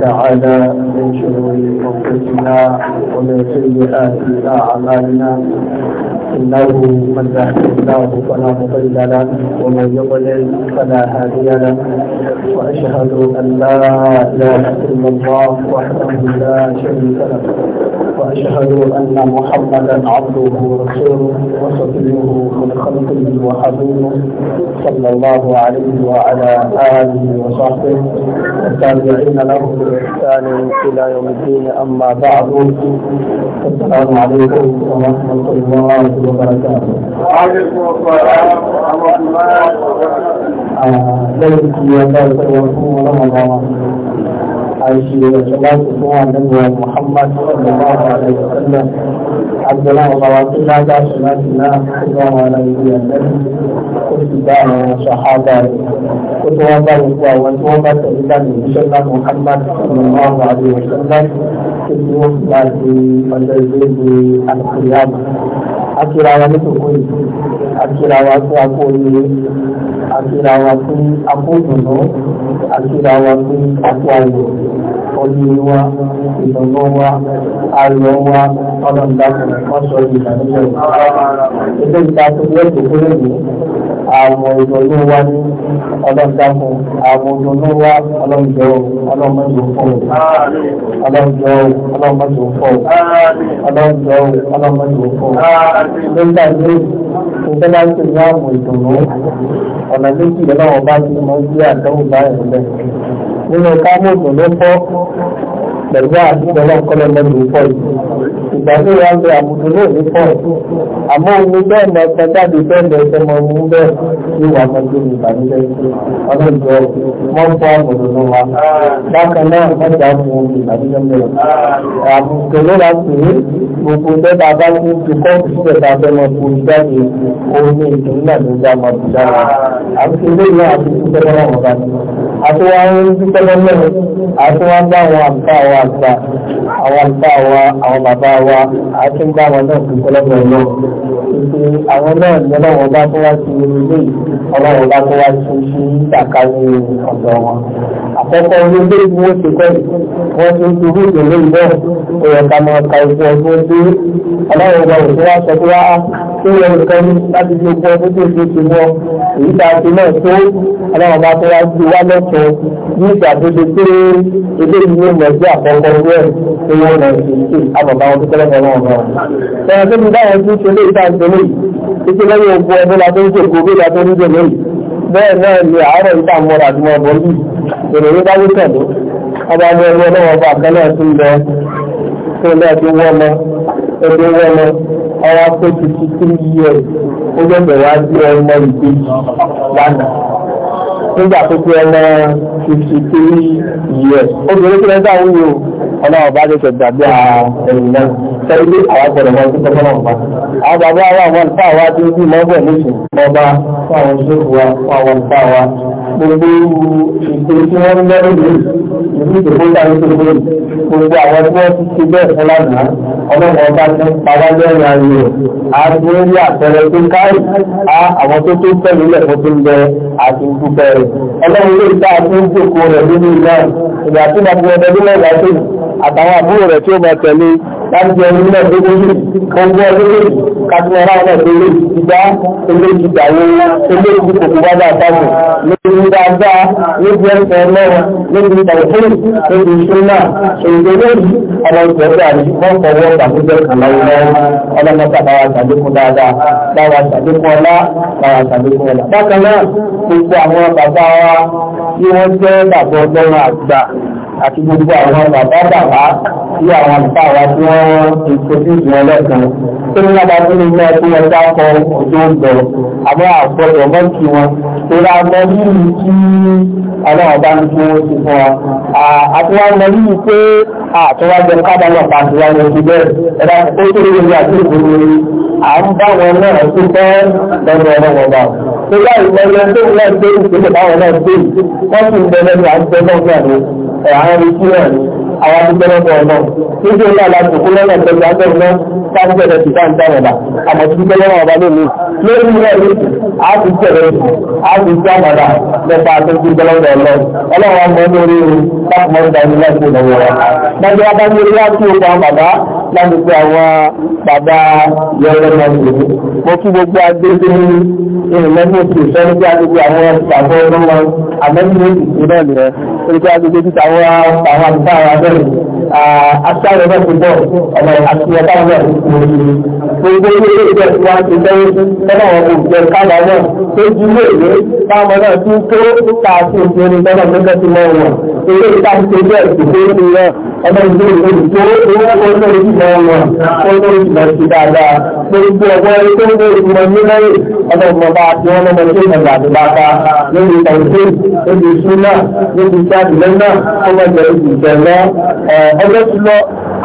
تعالى من شرور انفسنا ومن سيئات اعمالنا انه من يهده الله فلا مضل له ومن يضلل فلا هادي له واشهد ان لا اله الا الله وحده لا شريك له وأشهد أن محمدا عبده ورسوله وصفيه من خلقه وحبيبه صلى الله عليه وعلى آله وصحبه والتابعين له بإحسان إلى يوم الدين أما بعد السلام عليكم ورحمة الله وبركاته. وعليكم السلام ورحمة الله وبركاته. ليس يا بارك الله عائشة الله على النبي محمد صلى الله عليه وسلم عبد الله وبركاته لا داعي لنا الله على نبي النبي كنت داعي وصحابة كنت وضع وتوبة إلى سيدنا محمد صلى الله عليه وسلم كنت وصل في منزل القيامة akira wa ní tòkó yìí akira wa fún akóyè akira wa fún akóyòló akira wa fún akóyò ìfọ̀jú wa ìdùnnú wa ayọ̀ wa ọlọ́ndàkùn wọ́n sọ ìdàníyẹ̀ ilé ìta tó yẹ kó kéré yìí àwọn ìdùnnú wa ní ọlọ́ndàkùn àwọn ìdùnnú wa ọlọ́njọ́ ọlọ́mọdé fún un ọlọ́njọ́ ọlọ́mọdé fún un ọlọ́njọ́ ọlọ́mọdé fún un nígbà tí ìjọba ti ní àwọn ìdùnnú ọ̀nà méjì lọ́wọ́ bá ti mọ bí àdánwò báyìí nínú kámọ́ọ̀tù ló fọ́ pẹ̀lú àtúntò náà kọ́lọ́ mọ́tò fọ́ yìí ìgbà tó wà ń lo àmùdó náà ní pọ̀ àmọ́ omi bẹ́ẹ̀ mọ ẹ̀ka jáde bẹ́ẹ̀ mọ ẹ̀ka mọ omi bẹ́ẹ̀ ní wà mọ ẹgbẹ́ mi ìbànújẹ́ ọdún ìjọ mọ́ ń fọ́ àmùdó náà wa bákan náà wọ́n ti àmù omi ìbànújẹ́ mẹ́rẹ̀ àmùdó náà la pè é gbogbo bẹ́ẹ̀ bá ti fi kọ́ọ̀tù tá a fẹ́ mọ fún jáde omi ìdùnnú ló dá mọ bùdá àti àwọn àgbà wa àwọn bàbá wa àti ń bá wọn náà fi tọ́lọ́gbọ̀ lọ. Ìpè àwọn náà ní ọlọ́wọ́n bá tó wá sí ilé ọlọ́wọ́n bá tó wá sí sí ìdàkálẹ̀ ọ̀dọ̀ wọn. Àkọ́kọ́ ilé ìwé ti kọ́ wọ́n ti ń fi irú ìdílé ìbẹ́ ẹ̀yọ̀ ká máa ka ìfún ọdún tí ọlọ́run ọba òṣèlú wa sọ pé wá tó yẹ nǹkan láti fi ogún ọdún tó ṣe ti wọ èyí tá a ti náà tó ọlọ́run ọba tó wá ju wá lọ́tọ̀ ní ìgbà tó ṣe pé ilé ìlú mọ̀ọ́sí àkọ́kọ́ rẹ̀ tó wọ́n náà ṣe ṣe àbàbà wọn tó tẹ́lẹ̀ fẹ́ náà. ẹ̀rọ tó ti dáhùn abájọ ẹgbẹ́ ọlọ́wọ́ bá àkẹ́lẹ́ ti ń lọ tó lẹ́ẹ̀ tó wọ́ lọ ẹgbẹ́ wọ́ lọ ọwọ́ tó ti ti tírí yí ẹ̀ ó gbẹ̀gbẹ̀ wá sí ọmọ ìgbé lánàá nígbà tó pé ọmọ fifty three years obìnrin tó lẹ́sà ń yò ọlọ́wọ́ bá tẹ̀sẹ̀ gbàgbé ẹ̀yìn náà sẹ́yìn àwọn gbọ́dọ̀ máa ti ń gbogbo ètò tí wọ́n ń lẹ́rù lórí ìlú ìdìbò táyé tó lórí gbogbo àwọn tí wọ́n ti ṣe bẹ́ẹ̀ fún lánàá ọlọ́run ọba ti ń pa wá lẹ́rìn ayé rẹ̀ a ti ń rí àpẹẹrẹ tó káì á àwọn tó tó tẹ̀lé lẹ́kọ̀ọ́ tó ń bẹ àti dúpẹ́ rẹ̀ ọlọ́run lè dá a tó ń jòkó rẹ̀ nínú ìlànà ìgbà tí wọ́n ti wọ́n láti ẹni náà lórí owó lórí kàtìmọ́ra náà lórí ìgbà olóògbé ìgbàwó olóògbé kòkòrò bá bá bá lórí dáadáa lórí ẹ̀sẹ̀ ọlọ́run lórí ìtàwọ̀fẹ́ lórí ìṣúná ṣèyíkẹ́ lórí ọmọ ìṣẹ̀lẹ̀ àdìsíkọ́ fọwọ́ ìgbàkújẹ́ kàláwó lọ́wọ́ ọlọ́mọta bá wa ṣàlékún dáadáa bá wa ṣàlékún ọlá bá wa ṣàlékún ọlá. bákan náà gbogbo àwọn bàbá wa tí wọ́n jẹ́ bàbá ọlọ́run àgbà àti gbogbo àwọn bàbá bàbá sí àwọn àlùfáà wa tí wọ́n ìṣojú ìjìnlẹ̀ lẹ́ẹ̀kan tó ní lábàá tó lè ní ẹkún ẹja kọ ọjọ́ ìgbọ̀ àmọ́ àgbọ̀dọ̀ mọ́kì wọn tó ra mọ rírì kí ọlọ́run bá ń kí wọ́n ti fún wa. àtiwá mọ rírì pé àtiwájọ kábàlọ̀ pàtiwá ni ojú bẹ́ẹ̀ ẹ̀dá ó tó lè ní àti ìgbòho ni à ń bá wọn náà tó fẹ́ lọ́dọ̀ ọlọ́wọ́ bá. nígbà ìgbẹ́lẹ́ tó ń lọ́ọ́ dé ìpínlẹ̀ báwọn náà dé wọ́n sì ń bẹ lẹ́nu àti bẹ́ẹ̀ náà ní àwọn ibi tí wọ́n ní àwọn adúgbẹ́lẹ́gbọ̀ ọ̀nà níbi ilé alájòkó lọ́nà ìtọ́jú agbẹ́gbẹ́ sáńtẹ̀rẹ̀ ti dáńtà ọ̀dà àmọ́ ti dúpẹ́ lọ́wọ́ ọba lónìí lórí ilé ẹ̀rí àti ìṣẹ̀rẹ̀ àti ìṣẹ́ àmàdà lẹ́pa àtúntò ìgbẹ́lẹ́gbọ̀ ọ̀nà ọlọ́run àmọ́ ní orí lágbègbè àwọn bàbá yọ̀ọ̀lọ́mọ ìlú mo kí gbogbo agbègbè ní ìrìnlẹ́gbẹ̀ òkè sọ́nù bí agbègbè àwọn bàbá ọlọ́mọ àmọ́ ní ìlú náà nìyẹn torí pé agbègbè títa àwọn àwọn àlùfáà àwọn abẹ́rẹ́ aṣáájú ti bọ̀ ọ̀nà àti ọ̀tá ọ̀nà gbogbo ilé ìjọ tí ti fẹ́ lọ́nà wọn kò jẹ náà tó ju ilé ìwé táwọn náà ti ń tó ta àti òfin orin lọ́nà gbẹ́gbẹ́ ti mọ wọn ilé ìta ti ṣe bẹ́ẹ̀ sì pé ní ọmọ ìlú ìlú tó owó tó lórí ìmọ̀ wọn tó lórí ìmọ̀ sí dáadáa gbogbo ọgbọ́n ẹni tó ń gbé ìgbìmọ̀ ní lẹ́yìn ọlọ́run bá ti wọ́n lọ́mọ tó ìgbà tó bá ta lórí ìtàwùsí lórí ìṣú náà lórí ìṣẹ́ àdìlẹ́ náà ọmọ ìjọ ìjọ lọ ọjọ́ ti lọ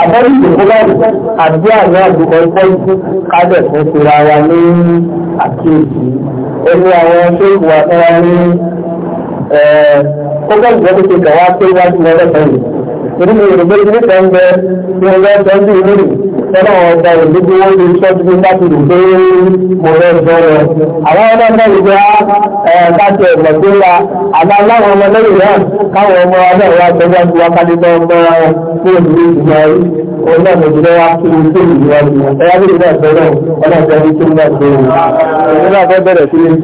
àbọ̀rí ìdìbò báyìí àti àwọn àgbègbè ọgbọ́n ikú kájẹ̀ fún ìṣura wa ní àkíyèsí ẹni àwọn tó ìwà àtọ́ra ní ọgbọ́n ìjọ tó ti gbà wá pé wájú wọn lọ́sọ̀rọ̀ ọlọ́run ọba ìdókòwò wọn lè sọ fún láti lè gbé mo rẹ gbọ́ lọ. àwọn ọmọ náà lè gbé káṣí ẹ̀gbọ́n tó la àmọ́ aláwọn ọmọ lẹ́yìn náà káwọn ọmọ ọlọ́run wa tẹ́lẹ̀ ti wá kálí lọ mọ́ ní ìlú ìgbà ọlọ́run ìdílé wa kí ní kí ní ìwà ìwà ẹ̀yà bí ìgbà ìgbà ọlọ́run tẹ́lẹ̀ kí ní kí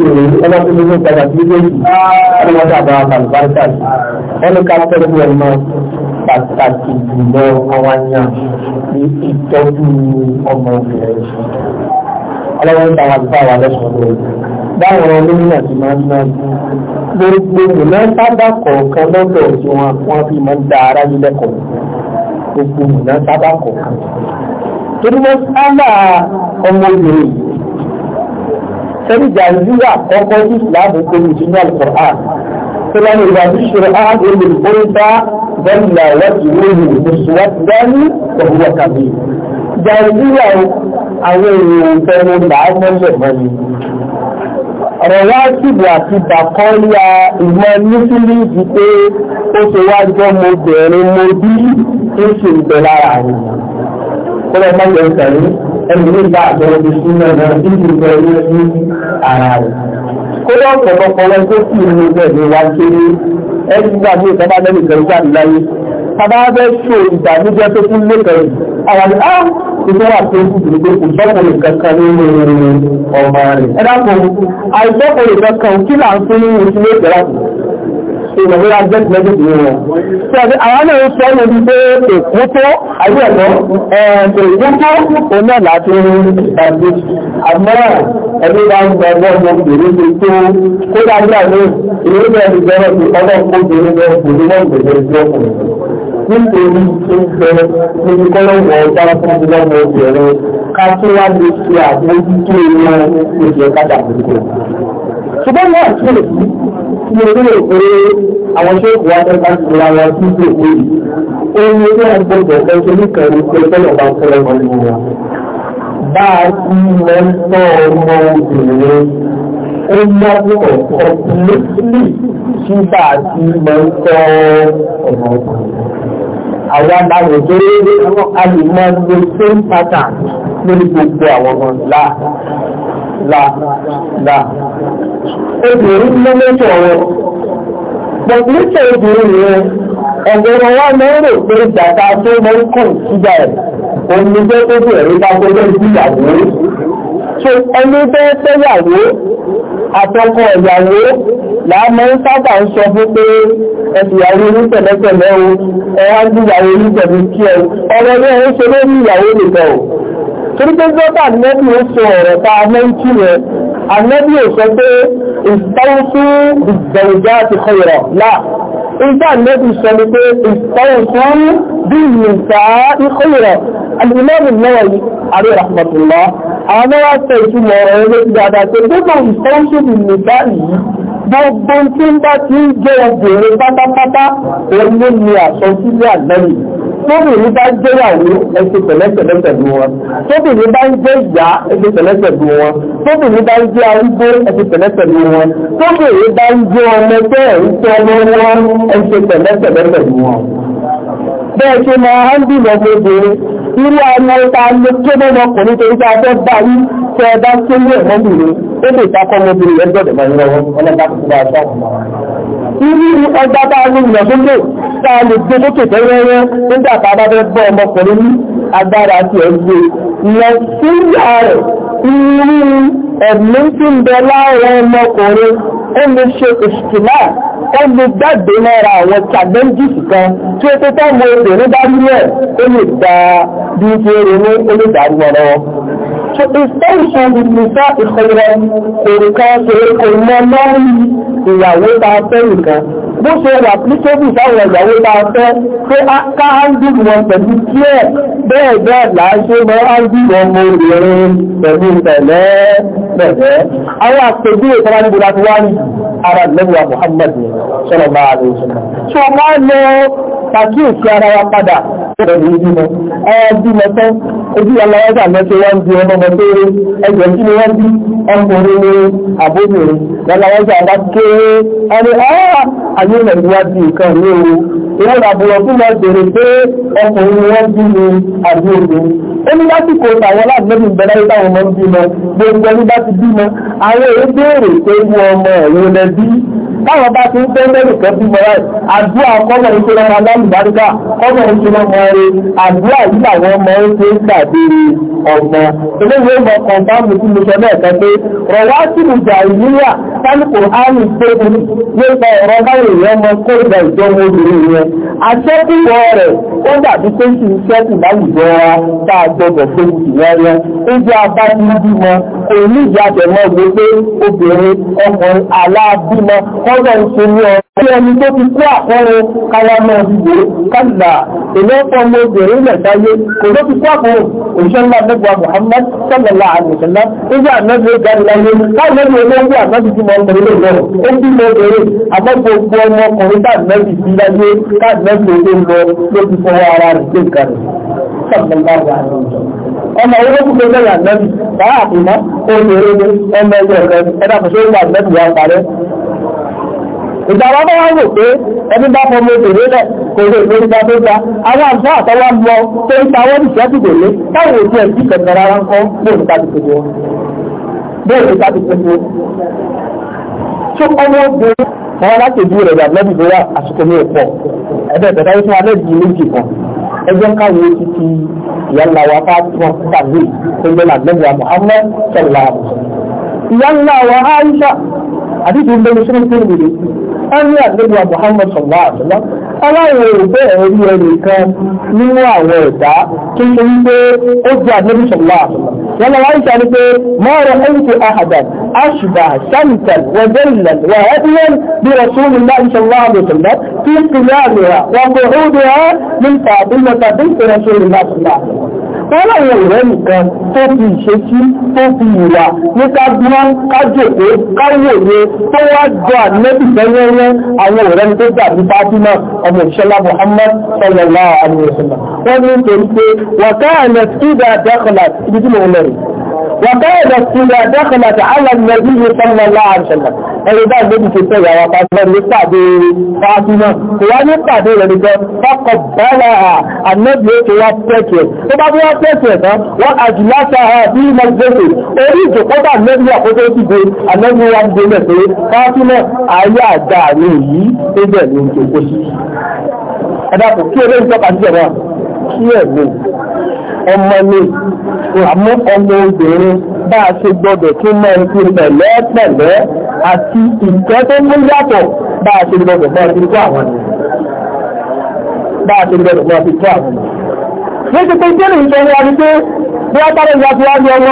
ní tó ní ní ìtajà sí ní ìgbà ìgbà ọlọ́run tó àbára pàtàkì jùlọ àwọn àyàn ní ìtọ́jú ọmọ obìnrin ọlọ́run táwọn àgbà wà lọ́sọ̀rọ̀ rẹ̀ báwọn olóyìn àti máa ń náà gbogbo ìmọ̀ sábà kọ̀ọ̀kan lọ́dọ̀ tí wọ́n wọ́n fi máa ń da ara yìí lẹ́kọ̀ọ́ gbogbo ìmọ̀ sábà kọ̀ọ̀kan torí wọ́n sábà ọmọbìnrin sẹ́ríjà ìlúwà kọ́kọ́ ìsìláàmù tó lù sínú àlùkò àà tó lọ́nà ìwà bí ṣe ààbò olùkóyè bá ظل وجهه مسودا وهو كبير jàìdíyà àwọn èèyàn ìbẹ̀rù làámọ́lẹ̀ mọ́ni rọwátìbù àti bàkọ́lá ìmọ̀ nífìlì ìdí pé ó ṣe wá jọ mo bẹ̀rẹ̀ mo bí ó ṣe ìbẹ̀ lára rẹ̀ kọ́lọ̀ mọ́lẹ̀ ìtẹ̀rí ẹni nígbà àbẹ̀rẹ̀ ìṣúná rẹ̀ ìdí ìbẹ̀rẹ̀ ní ara rẹ̀ kódà ọ̀pọ̀lọpọ̀ wọn tó kù ní ilé ẹ̀mí wa ń kéré ẹni nígbà ní ìtọ́ba lẹ́nu ìkẹrù jáde láyé tàbá fẹ́ ṣe ìdánújẹ́ tó kún lẹ́kẹ̀rẹ̀ àwọn ni á ah, ìlú wà tó kù jù pé kò sọ́kùnrin kankan nínú ọmọ rẹ̀. ẹ dákun àìsọ́kùnrin kankan kí là ń fún ní oṣù lẹ́kẹ̀rẹ̀ ìrọ̀lẹ́ra jẹ́ ìpínlẹ̀ ìwọ̀n. Ṣọ́dí àwọn náà sọ níbi pé èkó tó àbí ẹ̀kọ́ èkó tó òun náà láti ẹ̀bí. Àmọ́ ẹ̀bí wa ń gbọ́ ọmọ obìnrin ní tó kó dáadáa ní ìlú bẹ́ẹ̀ ti bẹ̀rẹ̀ sí ọmọ obìnrin bẹ́ẹ̀ kò ní wọ́n gbẹ̀rẹ̀ sí ọkùnrin. Nítorí tó ń bẹ níbi kọ́lọ́wọ́ ọjà fún ọmọ obìnrin ká tó wá lè ṣe àbójútó ìwọ̀n ìjẹ́kádà àbúkò. Ṣùgbọ́n náà kí tí mo lérò pé àwọn ṣéèkù wa fẹ́ bá ti ra wọn sí ìlú òkú yìí ó ní ilé àgbẹ̀dẹ̀ ẹ̀ṣẹ̀ níkànnì pé tọ́lọ̀ bá fẹ́ wọn ní wọn. bá a ti mọ ń tọ́ ọmọ obìnrin ó mọ́wọ́ ọ̀pọ̀lẹ́sílì tí bá a ti mọ ń tọ́ ọmọ obìnrin. àwọn aláwọ̀ tó a lè mọ lo same pattern lórí gbogbo àwọn ọmọ ìlà là là obìnrin ló lẹ́tọ̀ ọ̀rọ̀ pọ̀pùlẹ́tọ̀ obìnrin yẹn ọ̀gọ̀rọ̀ wa máa ń rò pé ìgbàta tó máa ń kàn síjà ẹ̀ òun ni jẹ́ tó bẹ̀rẹ̀ bá gbọ́dọ̀ ìgbìyàwó ṣe ẹni tó tẹ́yàwó àtọkọ ìyàwó láàmọ́ ń sábà ń sọ fún pé ẹ̀sìyàwó onítẹ̀lẹ́tẹ̀lẹ́ o ẹ̀wá ń gbìyàwó onítẹ̀lẹ́ kí ẹ ọ̀rọ̀ ní ẹ̀ ń ṣe lórí ìyàwó nìkan o torí pé zọ́tà nẹ́bí ó sọ ọ̀rọ̀ ta mẹ́ńkì rẹ̀ anẹ́bí ò sọ pé ìtọ́wọ́sú ìgbẹ̀rùjá ti kọ̀rọ̀ náà ìgbà nẹ́bí sọ ni pé ìtọ́wọ́sú bí ìyẹ̀nsá ìkọ̀rọ̀ alìmọ́mù náà yìí àrí gbogbo tí ń bá ti ń jẹ́ obìnrin pátápátá òun ló ní àsọsílẹ̀ àgbẹ̀yìn tóbìnrin bá jẹ́ ìyàwó ẹsẹ̀ pẹ̀lẹ́pẹ̀lẹ́ pẹ̀lú wọn tóbìnrin bá ń jẹ́ ìyá ẹsẹ̀ pẹ̀lẹ́ pẹ̀lú wọn tóbìnrin bá ń jẹ́ arúgbó ẹsẹ̀ pẹ̀lẹ́ pẹ̀lú wọn tóbìnrin bá ń jẹ́ ọmọ ẹgbẹ́ ẹ̀ ń tọ́ ọmọ ẹsẹ̀ pẹ̀lẹ́ pẹ̀lẹ́ pẹ̀lú wọn bẹ́ẹ̀ ṣe máa hándìlọ gbogbo irú àwọn ọta ló ké mọ́nà ọkùnrin torí pé afẹ́ bá yí tẹ ẹ bá ké ní ẹ̀mọ́ bìnrin ó lè dákọ́ ọmọbìnrin yẹn gbọ́dọ̀ máa ń lọ́wọ́ ọlọ́dà tó bá ṣá. irú ọgbà bá lè yàn lókè tá a lè gbé lókè tẹ́wẹ́rẹ́ nígbà tá a bá fẹ́ bọ́ ọmọkùnrin ní agbára àti ẹ̀gbẹ́ ìyẹn sí ìyá rẹ̀ irú ẹ̀mí tí ń bẹ láàrin ọmọkùnrin ó lè ṣe ìṣìkìlá ó lè jáde lára àwọn challenges kan tí ó tó tọ́mọ obìnrin bá rí ẹ̀ ó lè gba bí ti ó ronú ó lè dàrú wọn lọ́wọ́. so ìfẹ́ ìṣàn ìgbìmọ̀ ìṣòro kò nǹkan ṣe kò mọ lọ́rùn ìyàwó ta fẹ́ nìkan bó ṣe wà pílítébù sáwọn ìyàwó ta fẹ́ pé ká ángílì wọn pẹ̀lú kí ẹ̀ bẹ́ẹ̀ bẹ́ẹ̀ láṣẹ mọ́ ángílì ọmọ obìnrin pẹ̀lú pẹ̀lẹ́ pẹ̀lẹ́ àwọn àpèjú ìtara níbi láti wá ní ara lẹ́wà Muhammad sọ̀rọ̀ máa kàkíyèsí ara wa padà ọ̀rọ̀ ìlú bímọ ara bímọ tán ojú aláwọ́dà mẹ́tẹ́ wọ́n di ọmọ ọmọ tó rí ẹgbẹ́ kí ni wọ́n bí ọkùnrin ní àbóbìnrin aláwọ́dà bá kéré ẹni ọ́ọ́ ayé nàìjíríà di nǹkan ní ewu ìwọ́n àbúrò fún wọn béèrè pé ọkùnrin ni wọ́n bí ni àbí obìnrin ó ní lásìkò tàwọn aláàbẹ̀bí ń bẹ láyé táwọn ọmọ ń bímọ gbogbo ẹni bá ti bímọ àwọn èyí béèrè pé wọ ọmọ ẹ̀rọ lẹ bí táwọn bá ti ń fẹ́ mẹ́rin kan bímọ láì àdúrà kọ́mọ̀ ní kílọ́mọ alálùbáríkà kọ́mọ̀ ní kílọ́mọ rẹ àdúrà yìí làwọn ọmọ ń ṣe ń gbàdúrà ọ̀gbọ́n eléyìí ó mọ kọ̀ǹtàmù tí mo sọ náà kan pé rọ̀wá sí mi jà ìníyà sálùkù áàmì gbógun nípa ọ̀rọ̀ báyìí ìyẹn ọmọ kó ìgbà ìjọba obìnrin yẹn àṣẹ́kùwọ̀ rẹ̀ ó dàbí pé kì í ṣẹ́kù láwùjọ wa tá a àgbọ̀dọ̀ tó ti wáyé ó jẹ́ abánibímọ kò ní ìyàbẹ̀mọ́ gbogbo obìnrin ọkùnrin aláàbímọ kọ́dọ̀ ń ṣe ní ọ̀rọ̀ tí ẹni tó ti kú àkọ́rin kálámọ́ ìgbé kálà èlé ọ̀pọ̀ ọmọ obìnrin ilẹ̀ sáyé kò ló ti kú àkọ́rin òṣìṣẹ́ ńlá mẹ́gbàá Muhammad sọ́lọ́lá àlùsọ́lá nígbà mẹ́gbàá ìdarí láyé káwọn ẹgbẹ́ olóńgbò àmọ́bí ti mọ ọkùnrin lè lọ ó bí mọ obìnrin àmọ́ gbogbo ọmọkùnrin káàdì mẹ́bí sí láyé káàdì mẹ́bí olóńgbò ló ti fọwọ́ ara rẹ̀ dé ìkànnì sọ̀tọ̀lọ́wọ́ àdúgbò. ọmọ owó kúkú lẹ́yìn àgbẹ̀bí báyà àfihàn oṣèré ní ọmọ ẹgbẹ́ rẹ̀ ẹ̀dá fòṣèré ní àgbẹ̀bí wa parẹ́. ìjọba bá wọ́n rò pé ẹni bá fọ ọmọ òṣèré rẹ̀ kò lè lórí bá tó ga àwọn àṣà àtọwọ́ mọ tó ń ta wọ́n ìṣẹ́ dìbò lé táwọn òṣì ẹ̀jì kẹ̀kẹ́ rárá ń kọ́ bóòlù ká ti gbogbo bóòlù ká ti gbogbo. tó ọmọ obìnrin wọn láti ìdí rẹ̀ àgbẹ̀bí ẹ̀dẹ́ ìtọ́ta wípé alẹ́ di méjì kan ẹgbẹ́ káwé títí ìyáńlá wa Fatima tàbí ẹgbẹ́ làgbẹ́gbẹ́ Muhammad sọ̀rọ̀ ìyáńlá wa Aisha àdìsí ń bẹ́ni sínú fún ìrìn ẹni àgbẹ̀gbẹ́ Muhammad sọ̀rọ̀ àtúná aláwọ̀ òbẹ́ ẹ̀rí ẹnìkan nínú àwọn ẹ̀dá tó ṣe wípé ó jẹ́ àgbẹ̀gbẹ́ sọ̀rọ̀ àtúná wọ́n lọ́wọ́ ìta ní pé mọ́rọ̀ ẹ̀yìnkù àhàdàn aṣùgbà ṣàǹtàn wàjẹ́lẹ̀ wàhẹ́bíyàn bí rasulù láìṣọ́lá wọ́n láwọn ọ̀rẹ́ nìkan tó fi ìṣesí tó fi ìwà ní kájúmọ́ kájòkó káwòye tó wá jọ ànẹ́bì fẹ́yẹ́rẹ́ àwọn ọ̀rẹ́ tó gbà ní ọmọ ìṣẹ́lá Muhammad sallallahu alaihi wasallam wọ́n ní nítorí pé وقالت إذا دخلت على النبي صلى الله عليه وسلم ẹ̀rọ bá ìgbébì ṣe tẹ́ ìyàwó pàṣẹ ní pàdé fàáfínà ìwá ní pàdé rẹ̀ nìkan fọ́kọ̀ bọ́lá ànábì ó ti wá pẹ́ẹ̀kì ẹ̀ tó bá bí wọ́n pẹ́ẹ̀kì ẹ̀ tán wọ́n àjùlá sáà bí iná gbèsè orí ìjòkóta ànábì àkókò ti gbé ànábì wa ń gbélẹ̀ pé fàáfínà ayé àgbà rẹ̀ yìí tó bẹ̀ ní ìjòkó sí. ẹ̀dá kò kí eléyìí tọ́ka sí ẹ̀rọ kí ẹ̀ ọmọ ni àmú ọmọ obìnrin bá a ṣe gbọdọ̀ tó mọ́ ẹni pẹ̀lẹ́ pẹ̀lẹ́ àti ìtẹ́ tó mú yàtọ̀ bá a ṣe gbọdọ̀ bá a ṣe tó àwọn bá a ṣe gbọdọ̀ bá a ṣe tó àwọn ní ti pé jẹ́rìí ìṣẹ́ni wa ni pé bí wọ́n bá lè yàtọ̀ wá ní ọmọ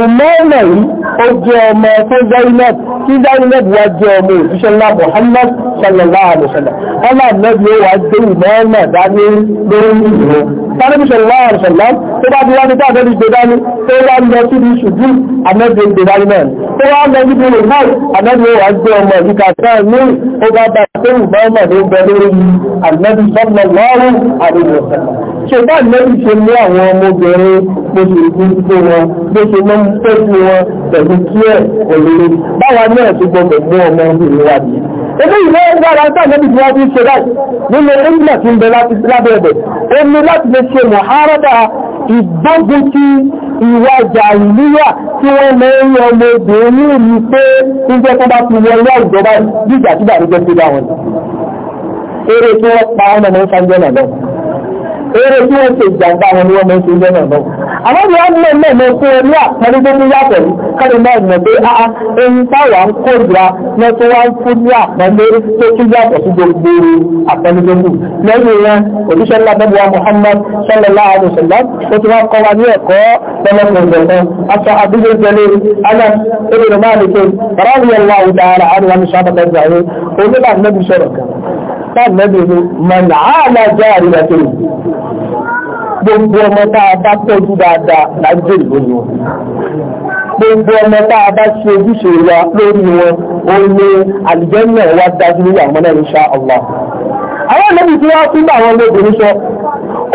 Umaru yìí ó jẹ́ ọmọ fún Zainab, tí Zainab wá jẹ́ ọmọ òṣìṣẹ́ ńlá Muhammad sallallahu alaihi wasallam ọlá mẹ́bí ó wà gbé ìmọ̀ọ́nà dání lórí ìlú tánàbí sọ̀rọ̀lá àrùsọ̀lá tó bá bí wá ní dáadọ́ gbé dání tó wá lọ sí ní ṣùgbú àmẹ́bí gbé dání náà tó wá lọ sí ní ìlú àmẹ́bí ó wà gbé ọmọ ìdíkà náà ní ó bá bá gbé ìmọ̀ọ́nà ló bẹ lórí àmẹ́bí sọ́mọ lọ́rùn àdéjọ ṣùgbọ́n àmẹ́bí ṣe mú àwọn ọmọbìnrin bó ṣe gbé wọn bó ṣe mọ́ tẹ́sí wọn pẹ̀lú kí ẹ̀ pẹ̀lú báwa náà tó gbọdọ̀ mú ọmọ ìlú wa yìí Ebe ìwé gbára sáàmì ìdí wá bí ṣe láti nínú ìgbà tí ń bẹ láti lábẹ́ ẹ̀bẹ̀. Ó ní láti lè ṣe mọ̀hárọ́dà ìgbógun ti ìwà jàìlúwà tí wọ́n lè rí ọmọ obìnrin ní pé ń jẹ́ tó bá ti wọ ilé ìjọba gbígbà tí bàbá jẹ́ sí bá wọn àwọn ìyá ń lè mẹ́mẹ́ fún ẹni àtẹ́rí tó ní yàtọ̀ yìí kárí náà mọ̀ pé a ah, ah, ẹni táwa ń kóra lọ tó wá ń fún ní àpẹẹlẹ tó tún yàtọ̀ sí gbogbo àpẹẹlẹ tó kù lẹ́yìn rẹ̀ òṣìṣẹ́ ńlá bẹ́bí wa Muhammad sallallahu alaihi wasallam ó ti wá kọ́ wa ní ẹ̀kọ́ lọ́lọ́pọ̀lọpọ̀ aṣọ àdúgbò àríwá tó yìí gbogbo ọmọ tá a bá tọ́jú dáadáa ń wọn gbogbo ọmọ tá a bá ṣe ojúṣe wa lórí wọn ó ní àlùjànnà wa dájú lórí àwọn náà Allah àwọn ọlọ́bì tí wọ́n tún bá àwọn ọmọbìnrin sọ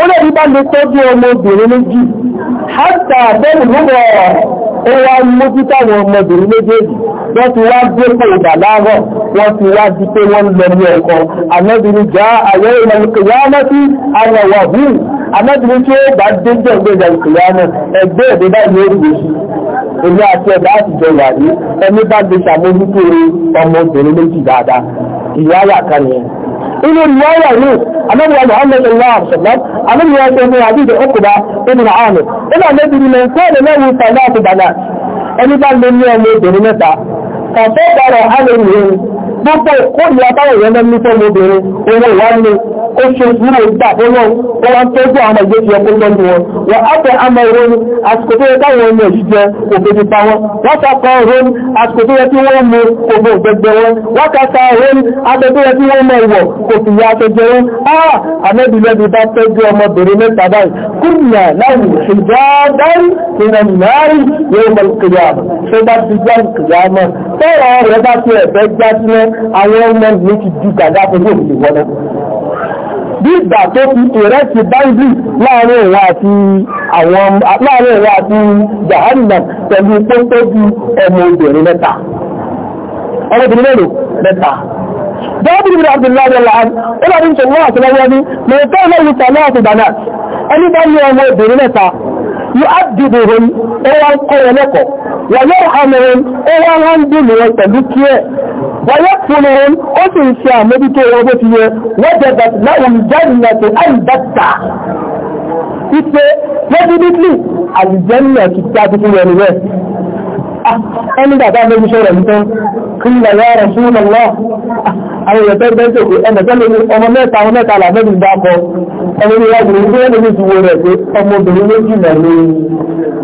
ó lẹ́bí bá lè tọ́jú ọmọbìnrin méjì bẹ́ẹ̀ ó wá ọmọbìnrin méjèèjì wọ́n ti wá gbé wọ́n àmọ́dúró tí ó bá dé jẹ́ ìgbéjà ìkìlọ́nà ẹgbẹ́ èdè báyìí ó rí èsì èmi àti ẹ̀dá àtijọ́ wà rí ẹni bá gbé ṣàmójútó ọmọbìnrin méjì dáadáa ìyáyà kan yẹn inú ìyáyà yìí àmọ́dúró Muhammad allah ṣọ̀gbọ́n àmọ́dúró ẹgbẹ́ ní àdíjẹ ọkùnrin ìmìnà àmì nínú àmọ́dúró lè kọ́ ẹ̀rọ mẹ́rin pẹ̀lú àti bàbá ẹni bá lè ní ọmọ obìnrin mẹ́ta kàfẹ́ bọ̀rọ̀ àmì gbogbo òkó ìlú abáwọ̀ yẹn lẹ́nu tó lóbìnrin owó ìwánu ó ṣe ìwúrò ìgbà tó lọ wọn wá ń tọ́jú àwọn ìgbé ti ẹkọ lọ́nu wọn wọn á tẹ àmọ́ ìrònú àsìkò tó yẹ káwọn ọmọ yìí jẹ òbèdè pa wọn wọn ta kan ìrònú àsìkò tó yẹ kí wọ́n mu ògbò gbẹgbẹ wọn wọn ta ka ìrònú aṣọ tó yẹ kí wọ́n mọ ìwọ̀ kò sì yẹ aṣọ jẹ wọn á ah! àmẹ́bìlẹ́bì bá tọ́jú ọmọbìnrin mẹ́ta báyìí kúrìnà láwù ṣèjọ́ dárí ìrànlọ́rì yóò mọ ìkìyàmọ̀ tọ́rọ rẹ̀ bá ti ẹ̀fẹ́ já sílẹ̀ àwọn ọmọ ti di gàdá fojú òfin wọlé bí ìgbà tó fi èrè ti báńdì láàrin ìwà àti àwọn pẹ̀lú tó tóbi ọmọ obìnrin mẹ́ta ọmọbìnrin mélòó mẹ́ta Jọ́bí ìrìn Abdullahi Al'ad, ó bá ní àti lọ́wọ́ ní, mọ̀ ìfẹ́ lẹ́yìn tàbí ẹni bá ní ọmọ obìnrin mẹ́ta, yóò á dìbò rẹ̀ kọ́ wọ̀yẹ́ ọmọrin ó wá wá ń dùn wọn pẹ̀lú kí ẹ̀ wọ̀yẹ́ fúnrin ó sì ń ṣe àmójútó wọn bó ti yẹ wọ́n jẹ́ bàtí láwọn ìjẹ́rìnà tó àìbàtà wípé lẹ́bíbítì àìjẹ́rìnà ti dájú fún wọn rẹ̀ ẹni bàbá méjì sọ̀rọ̀ yìí tán kí ni ìyá rẹ̀ fún ọmọ náà àwọn èèyàn tẹ́lẹ̀ tẹ́lẹ̀ tẹ́lẹ̀ ẹnì tẹ́lẹ̀ ní ọmọ mẹ́ta ọmọ mẹ́ta làbẹ́bí dákọ ọmọ oníwájú ní wọ́n lè ní ìwò rẹ̀ pé ọmọbìnrin méjì náà ní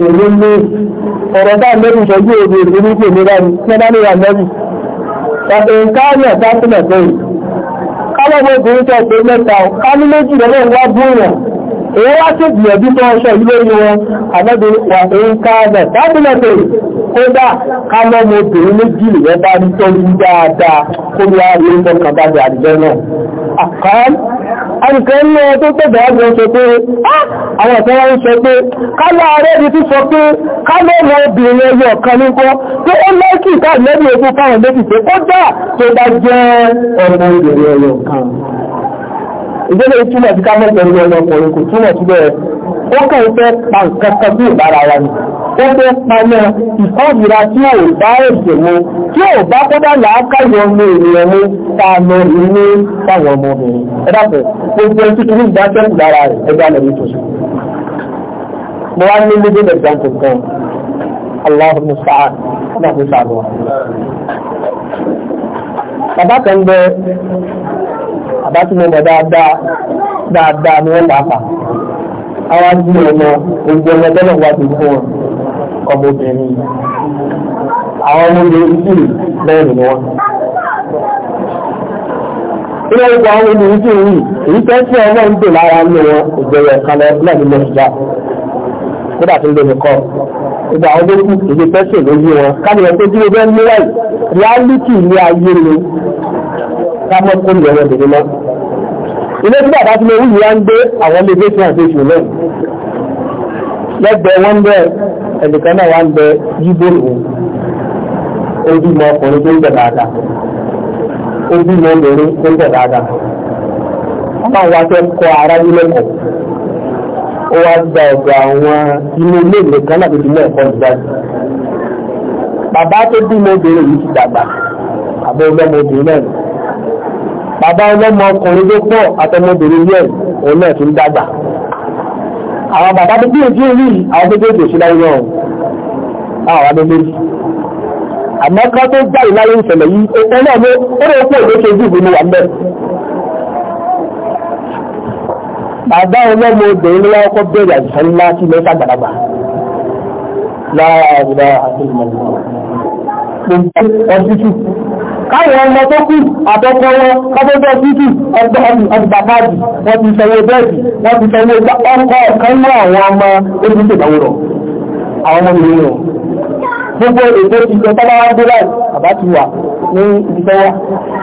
èyí ní ọ̀rọ̀ bá lẹ́bí ìṣẹ́jú èdè èdè ní pè nígbà ní ẹbá ní ìrànlẹ́bí ìkáàlẹ̀ sásílẹ̀ pẹ̀lú kálọ́gbọ́ obìnrin tẹ́ pé mẹ́ta ká ní méjì lọ́wọ́ wá bú èèyàn èyí wá sí ìgbìyànjú tó ọṣọ ìlú lórí wọn àmọ́dé wà èyí káàdà tábìlẹ̀ pé kódà kámọ́ mo bèèrè méjì lè bá ní tọ́lú dáadáa kó ní ààrẹ ìlú kan bá di àdìjọ náà àkàn àìkàn ní ọ tó tẹ̀bẹ̀ ọgbọ̀n sọ pé àwọn ọ̀sán wọn sọ pé kámọ́ ààrẹ ibi tí sọ pé kámọ́ mo bèèrè ẹyọ kan ní kọ́ pé ó lẹ́kì káàdì lẹ́bí epo fáwọn méjì pé kódà tó bá jẹ́ ọmọ ìbèrè ẹyọ kan ìjọba ìtumọ̀ sí káfẹ́sẹ̀ ní ọmọ ọkùnrin kò túmọ̀ sí bẹ́ẹ̀ ó kàn fẹ́ pa nǹkan kan sí ìbára wa ni ó fẹ́ paná ìkọ́bìra tí ò bá ẹ̀jẹ̀ mu tí ò bá kọ́dá làákàyọ̀ ọmọ ènìyàn mu tààmọ̀ ilé táwọn ọmọbìnrin ẹ̀dàpọ̀ gbogbo ẹni tuntun ní ìdájọ́ ìdára rẹ̀ ẹgbẹ́ alẹ́ nítorí mo wá ní lédè example kan Allahu musta'an ọmọ àti sàánú wa bàbá kan bẹ àbá tí mo mọ̀ dáadáa dáadáa ni wọ́n pàápàá àwọn àti ọmọ ogun ọmọ tẹ́lẹ̀ wá ti fún wọn ọmọbìnrin àwọn ọmọbìnrin ìsìrì bẹ́ẹ̀ ni wọ́n ilé ìgbà àwọn obìnrin tí ìrìn èyí tẹ́ sí ọmọ ń dè lára ní wọn ìgbẹ̀rẹ̀ kan lọ náà ní mọ̀síjà kódà tó ń gbẹ̀mí kọ́ ìgbà àwọn tó kù èdè tẹ́sí lójú wọn káàdì wọn tó dúró bẹ́ẹ̀ ní ayé kámọ́ kó lè ọwọ́ lè lọ. ilé tí bàbá tí mo wù yá ń gbé àwọn ilé gbé fún àgbéṣù lọ. lẹ́gbẹ̀ẹ́ wọ́n bẹ ẹnìkan náà wá ń bẹ yíbó òun ó bí mọ ọkùnrin tó ń bẹ dáadáa ó bí mọ obìnrin tó ń bẹ dáadáa. wọ́n máa wá fẹ́ kọ ara yín lẹ́kọ̀ọ́ ó wá gba ọ̀dọ̀ àwọn inú ilé ìlú kan láti fi lẹ́ẹ̀kọ́ bàbá tó bí mọ obìnrin yìí ti dàgbà àbọ̀ ọlọ́mọ obìnrin náà bàbá ọlọ́mọ ọkùnrin tó pọ̀ àtọmọbìnrin yẹ̀ òun náà tún dàgbà àwọn bàbá tó bí ojú orí àwọn méjèèjì òṣì láyé náà àwọn abẹ́mẹ́rì àmọ́ ká tó jáde láyé ìṣẹ̀lẹ̀ yìí ó náà mú ó lè pọ̀ lóṣè ojú ìbínú wà mẹ́ bàbá ọlọ́mọ obìnrin ló wákọ́ bẹ̀rẹ̀ àjùsá ńlá sí mẹ́fà gbàdàgbà lára àjùdá àti ìmọ̀ káwọn ọmọ tó kù àtọ́kọ́ wọn kábọ́jọ́ títù ọgbà àdìbàbájì wọ́n ti sanwó bẹ́ẹ̀dì wọ́n ti sanwó ọkọ̀ ọ̀kan ní àwọn ọmọ ojúṣe ìdáwòrọ̀ àwọn ọmọ ìlú rọ̀ gbogbo ètò ìjọ tábáwá dé láì àbá ti wà ní ìdíjọ́ wa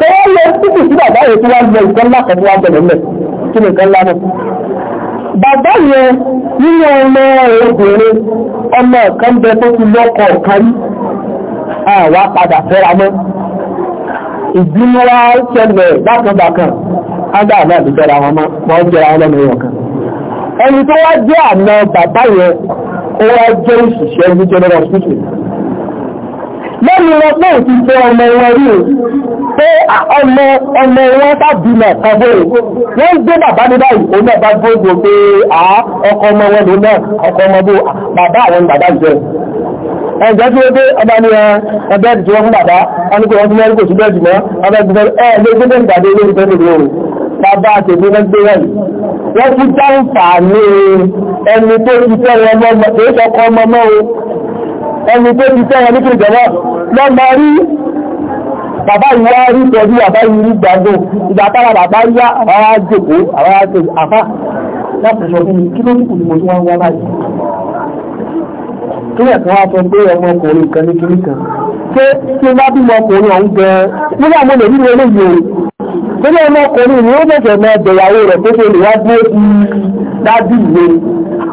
tó wọ́n lọ títù sí bàbá yẹn tí wọ́n lọ ìjọ ńlá kan tí wọ́n bẹ̀rẹ̀ mẹ́ kí ni nǹkan lánà bàbá yẹn nínú ọmọ obìnrin ọmọ kan bẹ tó ti lọ́kọ̀ọ̀kan àwa padà fẹ́ra mọ́ ìbínú wa ṣẹlẹ̀ bákanbákan ádá àmà àdìjọra wọn mọ́ wọ́n jẹ́ àwọn ọmọ ẹ̀yọ̀ kan ẹni tó wá jẹ́ àmà bàbá yẹn ó wá jẹ́ òṣìṣẹ́ ní general hospital lẹ́nu wọn pé òtún fẹ́ ọmọ wọn rí o pé ọmọ ọmọ wọn sábìmọ̀ kọ́bọ̀ o wọ́n gbé bàbá ní báyìí òun náà bá gbóògbò pé ọkọ ọmọ wọn lòun náà ọkọ ọmọ bó bàbá àwọn bàbá jẹ́ ẹ̀jẹ̀ tí ó dé ọba ní ẹgbẹ́ ìdíjọ́ fún bàbá wọn ni kò wọ́n ti mẹ́rin kò sí bẹ́ẹ̀ jùlọ ọba ìdíjọ́ ẹ̀ lé gbẹ́gbẹ́ ìgbàdé ilé ìgbẹ́ ìlú òru bàbá àtẹ̀gbẹ́ lẹ́gbẹ́ rẹ̀ wọ́n ti dáǹfà ní ẹni tó ti fẹ́ wọn mọ́ kì í sọkọ ọmọ mọ́ o ẹni tó ti fẹ́ wọn ní kìrìjọ náà lọ́mọ rí bàbá ìwá rí pẹ̀lú bàbá ìrí gbàgbọ́ ìgbà tára bàbá yá àwọn àjòkó àwọn àjòkó àfá láti sọ fún mi kí ló dùkù ni mo tún wá ń wá báyìí kílẹ̀ kan wá sọ pé ọmọkùnrin kan ní kíní kan pé tí ó bá bímọ ọkùnrin ọ̀hún gan-an nígbà mo lè nílò eléyìí o torí ọmọkùnrin ni ó bẹ̀sẹ̀ mọ ẹgbẹ̀yàwó rẹ̀ pé kí olùwádìí ó ti dájú ìwé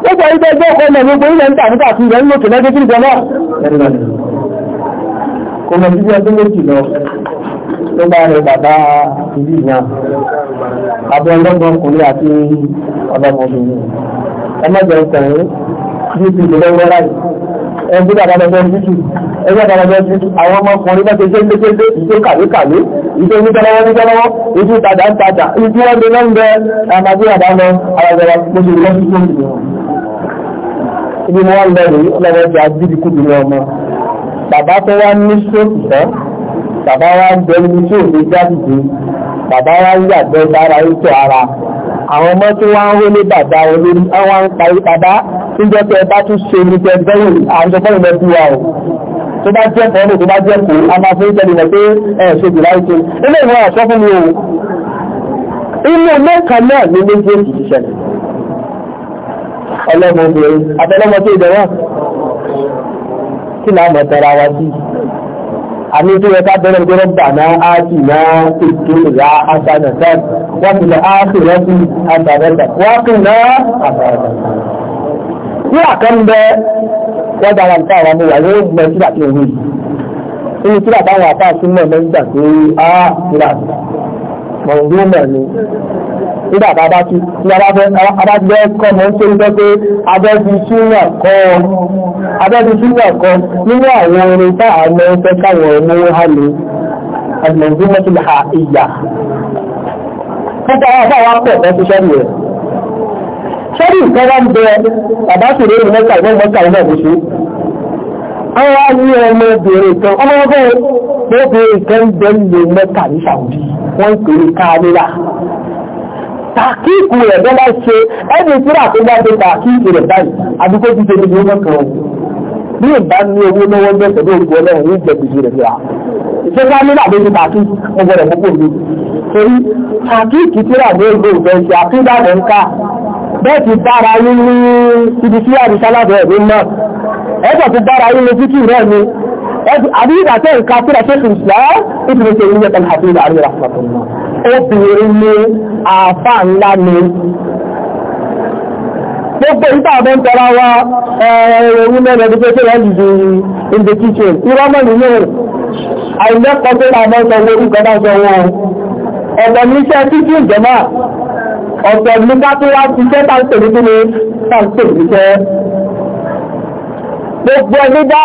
ó sọ wípé ẹgbẹ́ ọkọ náà gbogbo ilẹ̀ ń tà nígbà tí ìrẹ́ ń lòkè lẹ́gbẹ́ kí nìkan náà kò mọ̀ sí ọdún méjì lọ ló bá rẹ bàbá ìlú náà abẹ́ ọlọ́gbọ́n ọkùnrin àti ọlọ́mọbìnrin ẹ má jẹun tẹ̀rín bí ti ìdílé wọ́n ráyìí ẹgbẹ́ àdàlọ́gbọ́n títù ẹgbẹ́ àdàlọ́gbọ́n títù àwọn ọmọkùnrin bá ti ṣe lékelé ìṣe kàwékàwé ìṣe onígbàlọ́wọ́ nígbàlọ́wọ́ ìṣe ìtajà ń tajà ìṣe wọn lè lọ ń bẹ àmàgbé àdàlọ́ àràgbàrà gbogbo ìlọ́sílẹ̀ ìlú wọn lọ rèé lọ́wọ́ bàbá wa ń bẹ ní tí òde jáde bàbá wa ń yàgbẹ́ sára ètò ara àwọn ọmọ tí wọ́n ń hó ní bàbá olórí àwọn ń parí bàbá tí jẹ́ pé bá tún ṣe ní jẹ́ bẹ́yìn àjọpọ̀ ìlẹ̀ fún wa o tó bá jẹ́ pẹ̀lú tó bá jẹ́ kó a máa fún ìtẹ́lẹ̀ mọ̀ pé ẹ̀ ṣe jù láì tó ilé ìwọ̀n àṣọ fún mi o inú mẹ́ka náà ní méjèèjì ṣiṣẹ́ ọlọ́mọ obìnrin tó ìdẹ̀wọ̀n kí ni a mọ̀ tẹ́ra wa sí àmì tó yẹ ká bẹ̀rẹ̀ gbọ́dọ̀ gbà náà á sì náà ètò ìyá àtànàtà wọ́n ti lọ á sì rẹ́sì àtànàtà wọ́n sì náà àtànàtà. Ní àkànbẹ wọ́n dára nǹkan àwọn ọmọ ìyàwó gbọ́n sílà tó wù mọ̀gbọ́nà ni nígbà tá a bá ti ní abájẹ́ kọ́ mọ́ ń tóbi pé abẹ́bí súnà kọ́ abẹ́bí súnà kọ́ nínú àwọn orin tá a mọ́ ń fẹ́ káwọn ọmọ ha ní àgbẹ̀gbẹ́ mọ́tìlá ìyà púpọ̀ àwọn àwọn pọ̀ fẹ́ ṣiṣẹ́ rẹ̀ sọ́rí nǹkan wá ń bẹ bàbá sì rí ìrìn mẹ́ta ìwọ́n mẹ́ta ìwọ́n mẹ́ta ìwọ́n mẹ́ta ìwọ́n mẹ́ta ìwọ́n mẹ́ta ìwọ́n mẹ́ta ìwọ́n mẹ́ta ìwọ́n mẹ́ta ìwọ́n mẹ́ta ìwọ́n mẹ́ta ìwọ́n mẹ́ta ìwọ́n mẹ́ta ìwọ́n mẹ́ta ìwọ́n mẹ́ta ìwọ́n mẹ́ta wọ́n pe nǹkan bẹ́ẹ̀ lè mẹ́ta ní Saudi wọ́n ń pè é káàmìlà tàkíkù rẹ̀ bẹ́ẹ̀ máa ṣe ẹni tíra tó bá ṣe tàkíkù rẹ̀ báyìí àdúgbò ti ṣe níbi ọmọ kan bí ìbá ní owó lọ́wọ́ lẹ́sẹ̀ ló gbọ́ lẹ́yìn ní ìjẹ̀bìjì rẹ̀ fìlà ṣé káàmìlà ló ti tàkíkù ọgbọ̀n rẹ̀ púpọ̀ mi torí tàkíkù tíra ní ìgbò ìfẹ́ ṣe àfíńdà rẹ̀ ń ká bẹ́ẹ̀ ti dára yín ní ibi tí àdìsálàbẹ̀ rẹ̀ náà ẹ̀sọ̀ ti dára yín ní títì rẹ̀ ni àdíyà tẹ́ ìka fúra ṣe kìí ṣá ìfìdí ṣe ìyẹ́ tẹ́lẹ̀ àti ìlà àríyà rahmatullah obìnrin ni àfà ńlá ni gbogbo ìta ọ̀dọ́ ń tọ́ra wa ẹ̀rọ-ún mẹ́rin ẹ̀dí pé ṣe rẹ̀ lùdí in the kitchen irọ́mọ̀ nínú àìlẹ́kọ̀ọ́ tó ra mọ́sọ owó ìkọ́dá sọ wọn ọ̀pọ̀ ní iṣẹ́ títí ìjọba ọ̀pọ̀ ní ká tó wá ti jẹ́ táǹtẹ̀ nítorí táǹtẹ̀ níṣẹ́ gbogbo ẹgbẹ́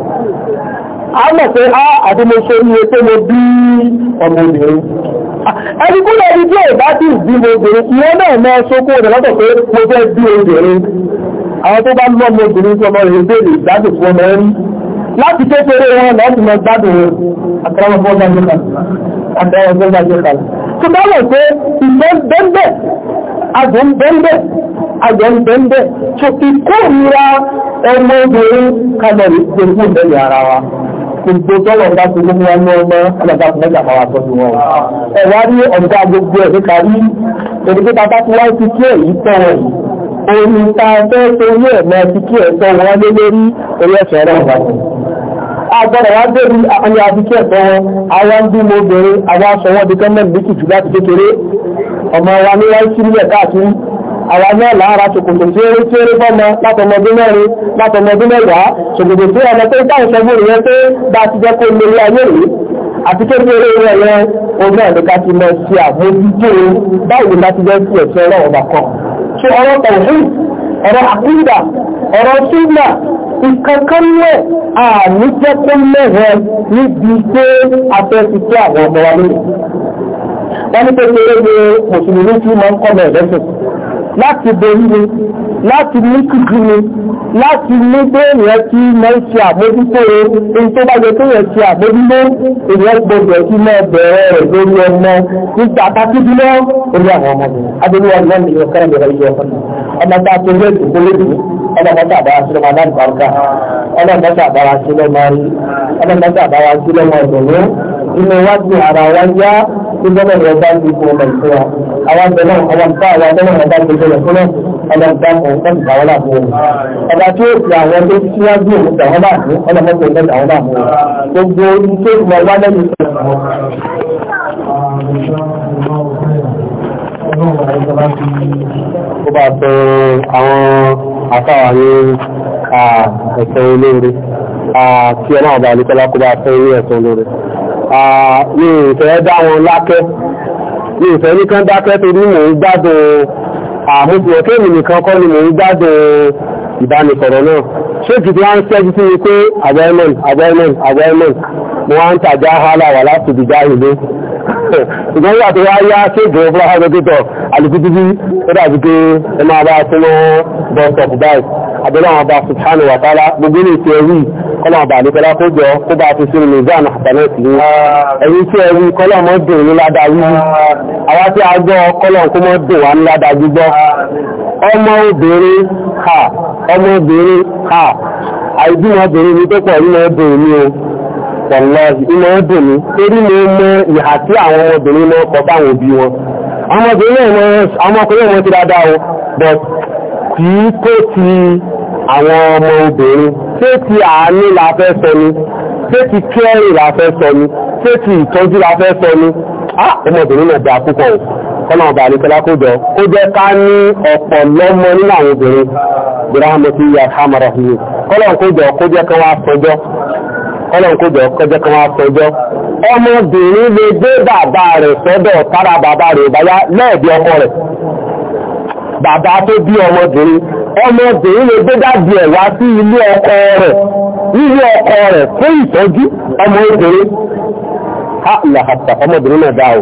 a mọ̀ pé a àti mo ṣe iye pé mo bí ọmọbìnrin ẹni kúrò ẹni tí ò bá tí bí obìnrin ìwọ́n náà mọ́ sókó rẹ̀ lọ́tọ̀ pé mo fẹ́ bí obìnrin àwọn tó bá lọ́ ọmọbìnrin tí ọmọ rẹ̀ bèèrè ìgbádùn fún ọmọ ẹni láti kékeré wọn láti mọ gbádùn rẹ̀ àtàwọn ọgbọ́gbàjẹ́kàlẹ̀ àjọ̀ ń bẹ́ńbẹ́ gbogbo tọ́lọ̀ ń bá ti lómi wọn ní ọmọ ọlọ́dà fún mẹ́ta àwọn àtọ́jú wọn. ẹ wá rí ọ̀gá gbogbo ẹ̀ nípa rí èdè bàbá tí wọ́n ti kí èyí tọ́ wọn yìí omi ta fẹ́ torí ẹ̀ mọ́ ti kí ẹ̀ wọn lé lórí orí ẹ̀sẹ̀ ọlọ́run bá ti. agbọ́dọ̀ wá débi àwọn àti kí ẹ̀ wọn àwọn ń bímọ obìnrin àwọn aṣọ wọn di kẹ́mẹ́rin àwa náà lára ṣòkòtò tí ó tí ó rí fọ́mọ látọmọdún mẹ́rin látọmọdún mẹ́wàá ṣòkòtò tí ọmọ pé táwọn ìṣẹ́gun rẹ̀ pé bá ti jẹ́ kó lè rí ayé yìí àti kékeré rẹ̀ yẹn ogún àdéká ti lọ sí àbójútó báyìí láti jẹ́ sí ẹ̀sẹ̀ ọlọ́run ọba kan ṣe pé afẹ́fífẹ́ àwọn mùsùlùmí tí wọ́n ń kọ́ mẹ́ẹ̀lẹ́sìn láti borí ni láti ní kíkí ni láti ní pé èèyàn ti mọ́ ṣe àmójútó ohun tó bá yẹ kí èèyàn ṣe àmójútó èèyàn gbọdọ̀ kí mọ́ bẹ̀rẹ̀ rẹ̀ lórí ọmọ nígbà pàtàkì jùlọ orí àwọn ọmọ mi adúlọ́ ọmọ mi yọ kẹ́rẹ́ bẹ̀rẹ̀ iye ọmọ ọmọ tá a ti rí ètò kólébì ọmọ mọ́tà àbára sílẹ̀ máa dáàbò àrùkà ọmọ mọ́tà àbára sílẹ̀ máa rí ọmọ mọ́tà àbára sílẹ̀ máa dùnú inú wájú ara wájá tí gbọ́dọ̀ yọ àwọn abẹ́lẹ̀ àwọn bá àwọn abẹ́lẹ̀ ọ̀dá gbẹgbẹ̀rẹ̀ fúnlẹ̀ ọlọ́dá ọ̀kan ìgbàwọ́ láàbò wọn. ọba tí ó fi àwọn tó síwájú òun tàwọn bá mú ọlọ́mọ́tò ọ̀kan tàwọn bá mú gbogbo iṣẹ́ ìmọ̀ wá lẹ́yìn ó bá tẹ àwọn àfáwà ní ẹ̀sẹ̀ olóore kí ọlọ́run bá ní kọ́lá kó bá tẹ ní ẹ̀sẹ̀ olóore. mi ò dá wọn lákẹ́ ní ìfẹ́ ní kán dákẹ́ torí mò ń gbádùn àmúfẹ́ kéèmì nìkan kọ́ ni mò ń gbádùn ìbánisọ̀rọ̀ náà ṣé kìí wá ń ṣẹ́jú sí mi pé àgbẹ̀mọ̀n àgbẹ̀mọ̀n àgbẹ̀mọ̀n mo wá ń tàjá hálà wà láti dìjà ìlú ṣùgbọ́n wà tó wá yá ṣéègùn fúláhà dókítọ̀ àlùkùtù bí ó dàbí pé ẹ máa bá súnmọ́ àbẹ̀lọ́wọ̀n ọba subhanahu wa ta'ala gbogbo ní ìṣe ẹ̀rí kọ́lá ọba àdékọ́lá kó jọ kó bá fi sínú mizan àtàlẹ́ sí i ẹ̀rí tí ẹ̀rí kọ́lá ọmọ dùn ní ládàá wíwí àwa tí a gbọ́ kọ́lá ọkọ́ mọ́ dùn wá ní ládàá gbígbọ́ ọmọ obìnrin ha ọmọ obìnrin ha àìbímọ obìnrin mi tó pọ̀ ọdún mi o pọ̀lọ́ ìmọ̀ ọdún mi torí mo mọ ìhà tí àwọn obìnrin náà kọ báwọn òbí wọn àwọn ọkùnrin náà ti dáadáa o but kì í kó ti àwọn ọmọ obìnrin ṣé ti àánú la fẹ́ sọ ni ṣé ti kẹ́rìn la fẹ́ sọ ni ṣé ti ìtọ́jú la fẹ́ sọ ni ọmọbìnrin náà dá púpọ̀ o kọ́nà ọba àlekọ́lá kó jọ kó jẹ́ ká ní ọ̀pọ̀ lọ́mọ nínú àwọn obìnrin bíráhàmẹ́tì yà hàmàrà hìyẹ kọ́nà kó jọ kó jẹ́ kán wá sọjọ́ kọ́nà kó jọ kó jẹ́ kán wá sọjọ́ ọmọbìnrin lè gbé bàbá rẹ̀ sọ́dọ̀ tára bàbá rẹ̀ báyá lẹ́ẹ̀dí ọkọ rẹ̀ bàbá tó bí ọmọbìnrin ọmọbìnrin lè gbé dàbí ẹ̀ wá sí ilé ọkọ rẹ̀ nílé ọkọ rẹ̀ fún ìtọ́jú ọmọbìnrin ọmọbìnrin náà dá o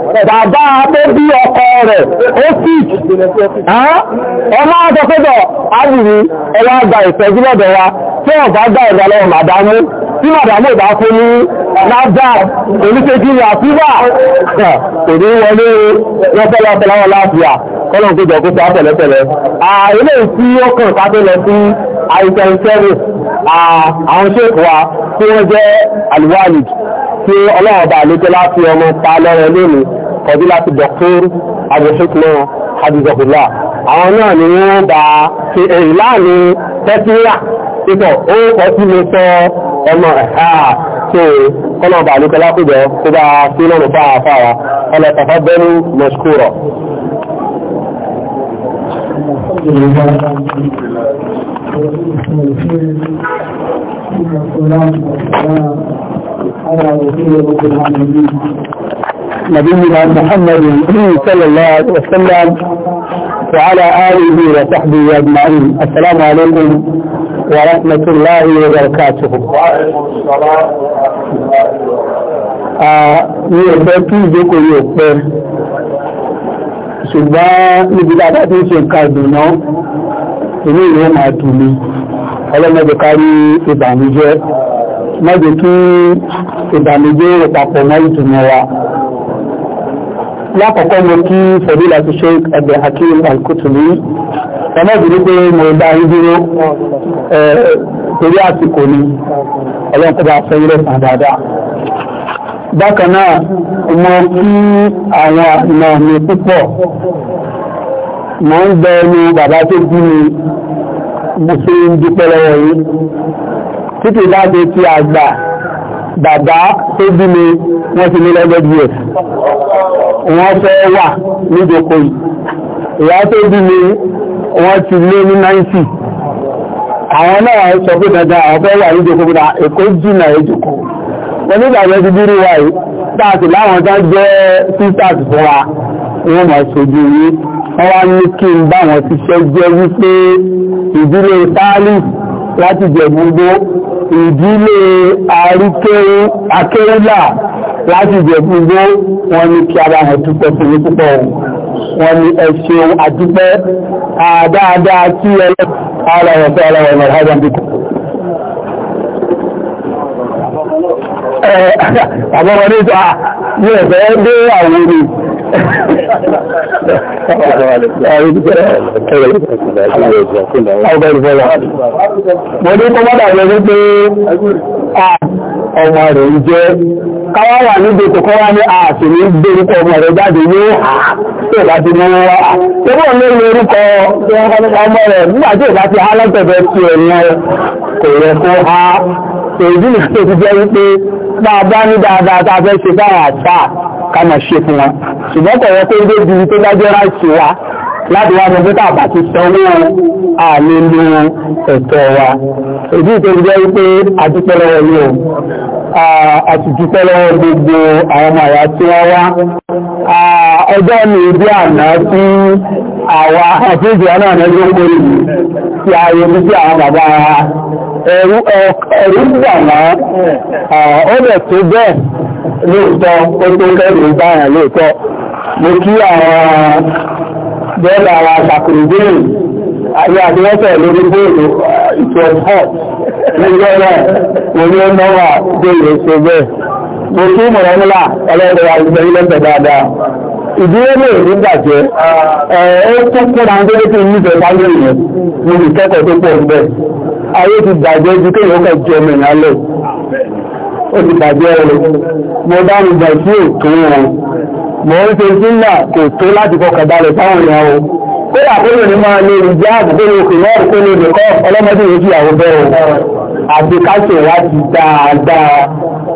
bàbá tó bí ọkọ rẹ̀ ó sì ọmọ àtọ́kọ́tọ̀ ábìrí ẹwà gba ìtọ́jú lọ́dọ̀ wa tí wọ́n bá gbà ìgbà lọ́wọ́ màdámú tí màdámú ìbá fún ní lágbà oníkejì ní àfíwà kò ní wọlé lọ́pọ̀lọpọ̀lọpọ̀ láàfíà kọ́lọ̀n tó jọ kó sá pẹ̀lẹ́pẹ̀lẹ́ ààrẹ tí ó kàn ká tó lọ sí àìsàn ìṣẹ́rù àwọn ṣèkù wa tí wọ́n jẹ́ àlùwálì tí ọlọ́ọ̀bà àlejò láti ọmọ pa lọ́rọ̀ lónìí Fadilatu Dr. abdulhikma hadizahullah àwọn náà ni wọ́n bá ṣe èyí láàrin tẹ́síríà títọ̀ ó kọ́ sí mi sọ ọmọ ẹ̀há tó kọ́nà bàálùkọ́ lápùjọ tó bá sí lọ́nà fáà fáà ọlọ́tàfà bẹ́rù mashkura Thank you. نبينا محمد صلى الله عليه وسلم وعلى آله وصحبه أجمعين السلام عليكم ورحمة الله وبركاته ní ọ̀pẹ́ kí ìjókòó ní ọ̀pẹ́ ṣùgbọ́n níbi dáadáa tí ń ṣe nǹkan ìdùnnà inú ìwé máa dùn ní ọlọ́mọdé kárí ìbànújẹ́ mọ́jẹ̀ kí ìbànújẹ́ rẹ̀ papọ̀ mọ́ ìdùnnà wa lákọ̀ọ́kọ́ mo kí fẹ̀dílà ti Sheikh Abdulhakeem Al-Kutubi ọmọ ìdílé pé mo dá yín dúró torí àsìkò ni ọlọ́pàá fẹ́yìnlẹ̀ sàn dáadáa bákan náà mo kí àwọn àna mi púpọ̀ mo ń bẹ ẹnu bàbá tó bí mi mo ṣe ń dúpẹ́ lọ́wọ́ yìí títí láti ti àgbà bàbá tó bí mi wọ́n ti ní lọ́gbẹ́ díẹ̀ wọ́n fẹ́ wà níjòkó yìí ìyá tó bí mi wọ́n ti lé ní 90 àwọn náà sọ pé dandan àwọn fẹ́ wà níjòkó gbọ́dá èkó jìnà èjòkó wọ́n nígbàgbẹ́ ti dúró wà yìí táàtì láwọn tán jẹ́ sisters fún wa wọ́n mọ̀ ṣojú yìí wọ́n wá ní kí n bá wọn ti ṣẹ́ jẹ́ wípé ìdílé tálí láti jẹ̀gbogbo ìdílé akẹ́rúlà láti jẹ̀gbogbo wọn ni kí ara ẹ̀ túpẹ́ fún púpọ̀ wọn ni ẹ̀ṣẹ̀ àdúpẹ́ àdáadáa tí ẹlẹ́pàá ara ọ̀fẹ́ ara ọ̀nà mo ní kọ́ mọ́dà lọ wípé ọmọ rẹ̀ ń jẹ́ káwá wà níbi tó wá ní ààtì ní gbórúkọ ọmọ rẹ̀ jáde ní àà tí ò wá tó bọ́ ní orúkọ ọmọ rẹ̀ ti kò ká máa ṣe fún wọn ṣùgbọ́n kò yẹ kó ń débi tó bá jẹ́ ráìtì wa láti wá fún títà àbá ti sanwó àmì ní ẹ̀tọ́ wa èdè tó jẹ́ wípé àdúpẹ́lọ́wọ́ ní o àtìdúpẹ́lọ́wọ́ gbogbo àwọn ọmọ àyà tí wọ́n wá ọjọ́ ní ibi àná tí àwa àfíìsì àná àmẹ́jọ́ kórè tí a yẹ sí àwọn bàbá ẹ̀rú gbà náà ó bẹ̀ tó bẹ́ẹ̀ lóòótọ́ ó tó kẹ́rù báyà lóòótọ́ mo kí àwọn bẹ́ẹ̀lá wa ṣàkùnrin àti àdíwọ́sẹ̀ lórí bóòlù ìtọ́jọ́ nígbẹ́ náà mo ní ọmọ wà bóòlù ṣe bẹ́ẹ̀ mo kí mọ̀rànlá ọlọ́dọ̀ wa ìgbẹ́ ilẹ̀ tẹ̀ dáadáa ìdílé lè ní bàjẹ́ ó tún kúra ń gbé tí níbẹ̀ bá lè yẹn mo lè kẹ́kọ̀ọ́ tó pọ̀ ń bẹ̀ ayé ti bàjẹ́ ju kéèyàn kẹ́ jẹ́ mẹ́rin alẹ́ ó ti bàjẹ́ rẹ̀ mo bá ń gbà sí òkun wọn mo ń ṣe sílà kò tó láti fọkàn balẹ̀ fáwọn èèyàn o kódà kó lè ní máa lè rí jẹ́ àbùkù lè kò lọ́ọ̀rù kó lè lèkọ́ ọlọ́mọdé yìí ìyàwó bẹ́ẹ̀ o àti káṣẹ̀ wá ti dáadáa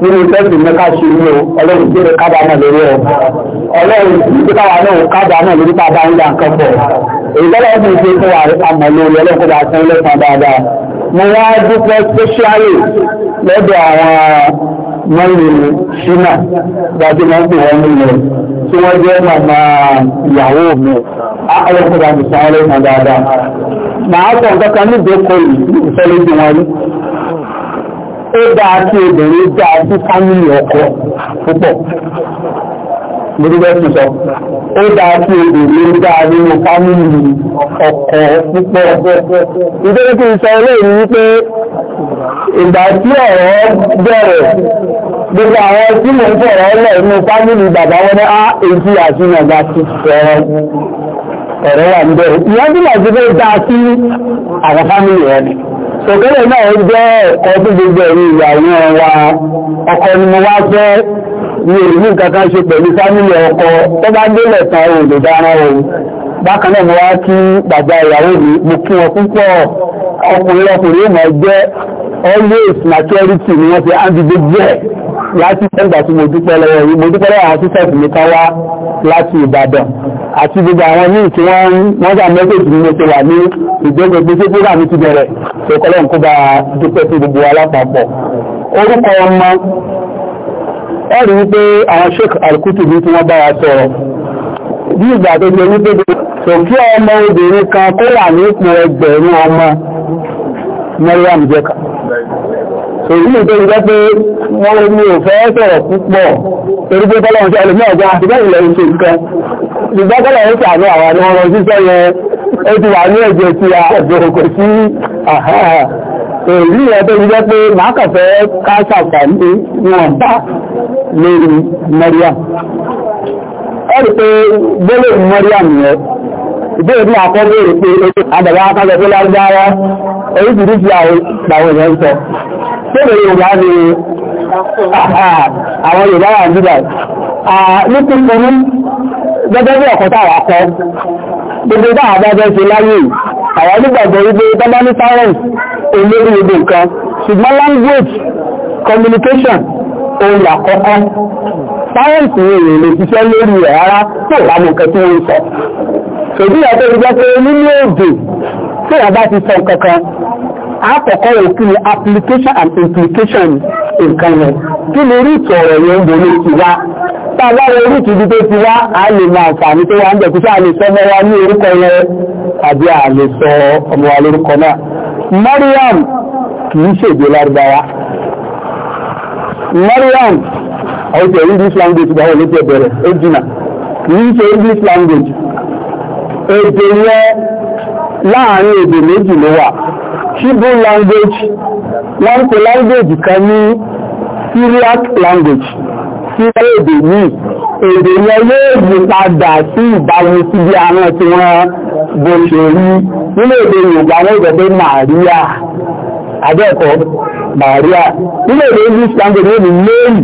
nínú sẹ́ẹ̀sì mẹ́ka ṣe ní o ọlọ́run tí ó kábà náà lórí ọ ọlọ́run tí káwà náà kábà náà lórí bàbá ń gbà nǹkan pọ̀ èyí tọ́lọ́ ọ̀sìn ṣe fún wa àmọ̀ lórí ọlọ́run kó bá sán lẹ́sàn dáadáa mo wá dúpẹ́ spẹ́ṣíálì lọ́dọ̀ àwọn mọ́lù ṣínà gbájú máa ń pè wọ́n nílẹ̀ tí wọ́n jẹ́ màmá ìyàwó mi ayọ́kọ̀dà ìsànlẹ̀ ìsàn dáadáa máa sọ nǹkan kan ní ìdókòó yìí ìfẹ́lẹ́jì wọn rí ó dáa sí obìnrin dáa sí fámìlì ọkọ púpọ̀ lórílẹ̀ tó sọ ó dáa sí èdè ló dáa nínú fámìlì ọkọ púpọ̀ nítorí kí n sọ olóòrùn wípé ìgbà tí ọ̀rọ̀ bẹ̀rẹ̀ gbogbo àwọn tí mò ń sọ̀rọ̀ lẹ̀ nínú fámìlì bàbá wọn á èjì àti nàgbà ti sọ̀rọ̀ ọ̀rọ̀ wà níbẹ̀ ìyẹn tí màá ti fẹ́ dáa sí àwọn fámìlì rẹ̀ ni sọ̀kẹ́lẹ̀ náà jẹ́ ẹ̀kọ́ tó gbogbo ẹ̀yìn ìyàwó wa ọkọ ni mo wá fẹ́ ní èyí kàkà ṣe pẹ̀lú fámílì ọkọ tó bá délẹ̀ ta òòdò dára ohun bákan náà mo wá kí bàbá ìyàwó mi mo kí wọn púpọ̀ ọkùnrin ọkùnrin mọ̀ jẹ́ always maturity ni wọ́n fi ándìdé jẹ́ láti ẹgbà tí mo dúpẹ́ lọ́wọ́ yìí mo dúpẹ́ lọ́wọ́ àwọn sísẹ̀t mi kan wá láti Ìbàdàn àti gbogbo àwọn míì tí wọ́n wọ́n gbà mẹ́sẹ̀jì ni mo ti wà ní ìgbẹ́gbẹ́ pé ṣé program ti bẹ̀rẹ̀ tó kọ́lọ́ nǹkó bá dúpẹ́ fún gbogbo alápapọ̀ orúkọ ọmọ ẹ rí wípé àwọn Sheikh Al-Kutubi tí wọ́n bá wa sọ̀rọ̀ bí ìgbà tó jẹ wípé kò kí ọmọ obìnrin kan kó wà ní ipò ẹgbẹ̀rún ọmọ Mariam jẹ́ka èyí ló tó jẹ́ pé wọ́n ní òfẹ́ sọ̀rọ̀ púpọ̀ torí pé tọ́lọ́run ṣe ẹlòmí ọ̀gá àtìgbẹ́ ìlẹ̀ ìṣe nǹkan ìgbà tọ́lọ́run èrí ẹ̀tọ́ ìjẹ́ pé mákàfẹ́ káṣàkà ní wọn bá lórí Maryam ẹ̀rì pé gbọ́lẹ̀ Maryam yẹn ìbéèrè bí àkọ́gbé rẹ̀ pé àdàbà akájọ tó lágbára oríṣiríṣi àwọn èèyàn sọ tẹ́lẹ̀ Yorùbá ni àwọn Yorùbá wà nígbà ní kúkúrú gẹ́gẹ́ bí ọ̀kan táwa kọ́ gbogbo bá bẹ́ ṣe láyé àwọn onígbàgbọ́ wípé tọ́bá ní science olórí gbogbo nǹkan ṣùgbọ́n language communication ohun àkọ́kọ́ science ni èèyàn lè ṣiṣẹ́ lórí ẹ̀ rárá tó bá mọ̀ nǹkan tí wọ́n ń sọ application and implication nǹkan yẹn kí ni orí ìtọ̀ ọ̀rọ̀ tàbá orúkú ibi tó ti wá a lè máa fàní tó wá ń jẹ́ kúṣà lè sọ mọ́wá ní orúkọ rẹ̀ àbí a sọ ọmọ lórúkọ náà Mariam kìí ṣèdè lárúbáwá Mariam ọ̀tẹ̀ English language gbà wọ́n lókè bẹ̀rẹ̀ ó kìí ṣe English language èdè yẹn láàrin èdè méjì ló wà Hebrew language wọ́n ń pè language kan ní Syriac language sí èdè yìí èdè yẹn yóò yí padà sí ìbámu sí bí àwọn tí wọ́n bó ṣe rí nínú èdè Yorùbá wọ́n gbọ́ pé Màríà àbẹ́ẹ̀kọ́ Màríà nínú èdè English language ní Mary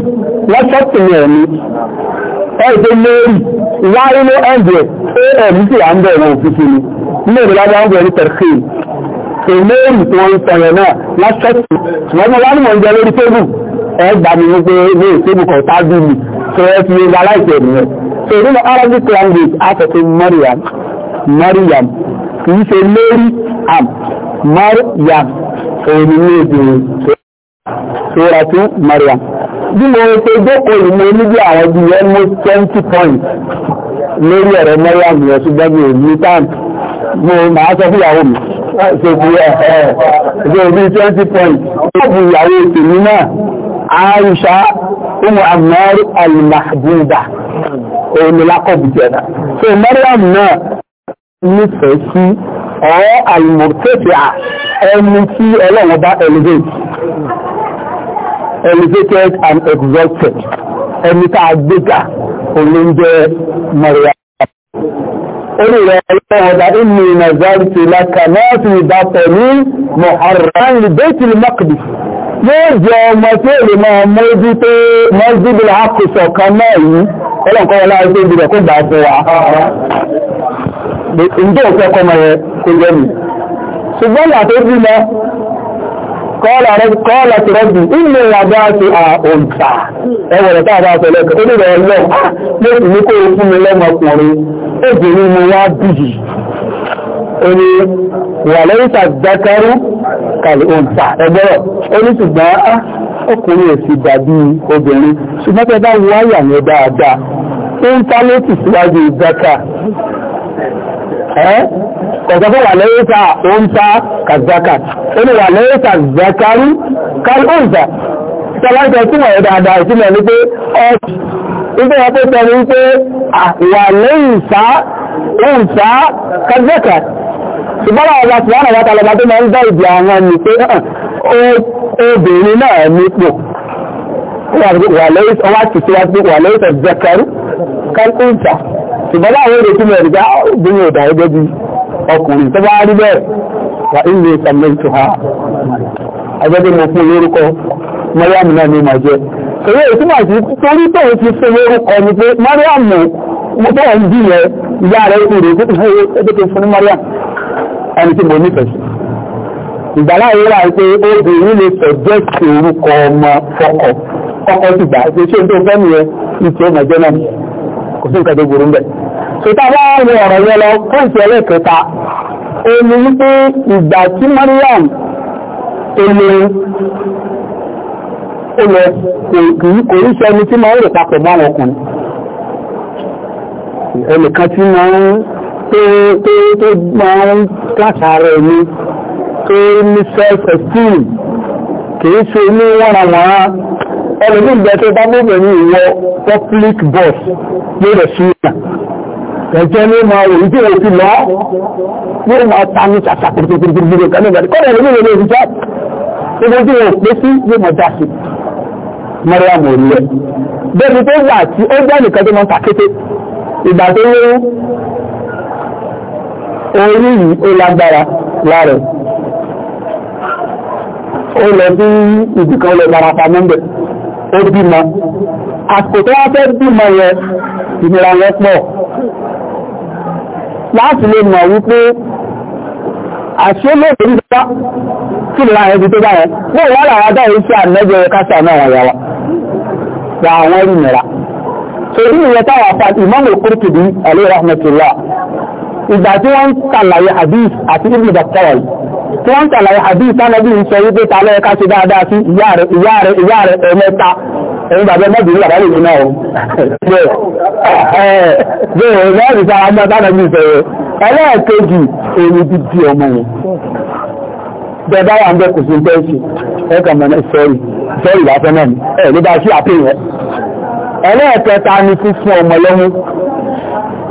wọ́n tọ́tù ní ẹ̀mí ẹ̀ẹ́dẹ́ Mary wáyé ní ẹ̀ǹdẹ̀ am sí à ń bẹ̀rẹ̀ òfìfì ni nínú èdè lábẹ́ àwọn ẹ̀rí tẹ̀síì èmẹ́rì tí wọ́n ń wá ní mọ̀ ń lórí tébù ẹgbà mi wípé ilé ìsébù kan tábí mi tó ẹ fi ẹgbà láìpẹ́ nìyẹn so nínú Arabic language a sọ pé Maryam Maryam kì í ṣe lórí am Maryam òun ni ní so sora tún Maryam bí mo ṣe jókòó yìí mo ní àwọn bí almost twenty points lórí ọ̀rọ̀ Maryam yẹn ṣùgbọ́n mi ò ní tán mo máa sọ fúyàwó mi ṣe bí ẹ̀ ẹ̀ ṣe bí twenty points ó bu ìyàwó tèmi náà Aisha umu Ammar al-Mahbuba onílákọ̀bù jẹ̀dá so Maryam náà nífẹ̀ẹ́ sí ọ́ al-Murtafi'a ẹni tí ọlọ́wọ́ bá elevate elevated and exalted ẹni tá a gbéga olóúnjẹ Maryam orí rẹ̀ ọlọ́wọ́dá inú ìnàzárí ti lákà náà ti ìbátọ̀ ní Muharram li Baitul Maqdis yóò jẹ ọmọ tí èrè máa mójú tó mọ́sídìí àkùsọ̀ kan náà yìí ọlọ́nkọ́ wọn láti ṣe ìbílẹ̀ kó gbà fún wa ǹjẹ́ òfin ọkọ ọmọ yẹn kò yẹ mi ṣùgbọ́n ìyá tó bí lọ kọ́ọ̀lá ti rọ́bì ilé ìyàbá ti àòǹtà ẹwọ̀rẹ̀ tá a bá sọ̀lẹ̀ kò tó dìrẹ̀ ọlọ́ mo sì ní kó o fún mi lọ́mọkùnrin obìnrin mo wá bìyì oní wàlẹ́yìntà dákàrú kàlùntà ẹgbẹ́rọ̀ oní ṣùgbọ́n ah, ọkùnrin èsì dàbí obìnrin ṣùgbọ́n tẹ́ bá wáyà ní dáadáa ń tá ló ti síwájú ìdáka kọ̀sọ́fẹ́ wà lẹ́yẹ́ta oúnta kàzákà inú wà lẹ́yẹ́ta zakaru kàlùntà tọ́lájọ tí wọ̀nyẹ dáadáa ìtumọ̀ ní pé ọ́ọ̀tì nígbà wọn pé ah, sọ ṣùgbọ́n ọba tí wọ́n wọ́n tàlọ́bà tó máa ń dá ìdí àwọn ni pé obìnrin náà nípò wà lẹ́yìn ọ̀zẹ̀kẹ̀rú kẹ́kùnta ṣùgbọ́n láwọn èrè tí mẹ́rin já ah, obìnrin ọ̀dà ẹgbẹ́ bí ọkùnrin tó bá rí bẹ́ẹ̀ wà ilé ha ẹgbẹ́ mo fún lórúkọ Mariam náà ní màá jẹ́ èyí ìtumọ̀ sí torí tó ti fún lórúkọ ni pé Mariam mo tó wọ́n bí yẹ ìyá rẹ̀ kúrò ẹgbẹ́ tó fún Mariam ẹni tí mo nífẹ̀ẹ́ sí ìgbàlá yìí wà pé obìnrin lè fẹ̀jẹ̀ sí orúkọ ọmọ fọkọ kọ́kọ́ ti gbà ṣe ṣé tó fẹ́ nìyẹn ìtì ọmọ ẹgbẹ́ náà kò sí nǹkan tó burú bẹ̀. sọta bá wọn ọ̀rọ̀ yẹn lọ fún ìtì ẹlẹ́kẹta ó ní wípé ìgbà tí Mariam tó lè ó lọ kò rí sẹ́ni tí máa ń rò papọ̀ bá wọn kùn ẹnìkan tí máa ń tó tó tó máa ń látàrà ẹni tó ní self-esteem kìí ṣe ní wọ́nàwọ́nà ọlọ́dún ìgbẹ́ tó bá mọ́bẹ̀ ní ìwọ public bus lórí ṣíyà ẹ̀jẹ́ ní ma rò ìdí òkú lọ ní ma ta ní ṣàṣà pẹ̀lú kanígbàdì kọ́nà ìlú ìlú ìjá ìgbẹ́jú òpé sí yóò mọ̀ dá sí mọ́rẹ́ àmọ̀ orílẹ̀ bẹ́ẹ̀ni tó wà tí ó jẹ́ nìkan tó mọ́ tàkété ìgbà tó lóyún orí yìí ó lágbára láàrẹ̀ ó lọ sí ìdìkan lọ bára pa mọ́bẹ̀ ó bímọ àsìkò tó wá fẹ́ bímọ yẹ ìnira wọn pọ̀ láti lè mọ̀ wípé àṣílẹ̀ ìrìnlá kí lè láàrin ibi tó bá yẹn ní ìwọ́n làwọn adáyé sí àmẹ́jọ kásà náà wà yàwá wà àwọn ìnira torí ìyẹn táwọn àpá ìmọ́mù kúrùkìdí ìgbà tí wọ́n ń tàlàyé hadith àti ibi ìdàkọ́rọ̀ yìí tí wọ́n ń tàlàyé hadith tánàbí ń sọ wípé ta lọ́yẹ ká ṣe dáadáa sí ìyá rẹ̀ ìyá rẹ̀ ìyá rẹ̀ ẹ̀mẹ́ta ẹ̀yìn bàbá mọ́bìnrin bàbá lè yìí náà bẹ́ẹ̀ mọ́bìnrin sára mọ́ tánàbí ìfẹ̀rẹ̀ ẹlẹ́ẹ̀kejì èyí ti di ọmọ wọn bẹ̀ẹ̀bá wà ń bẹ́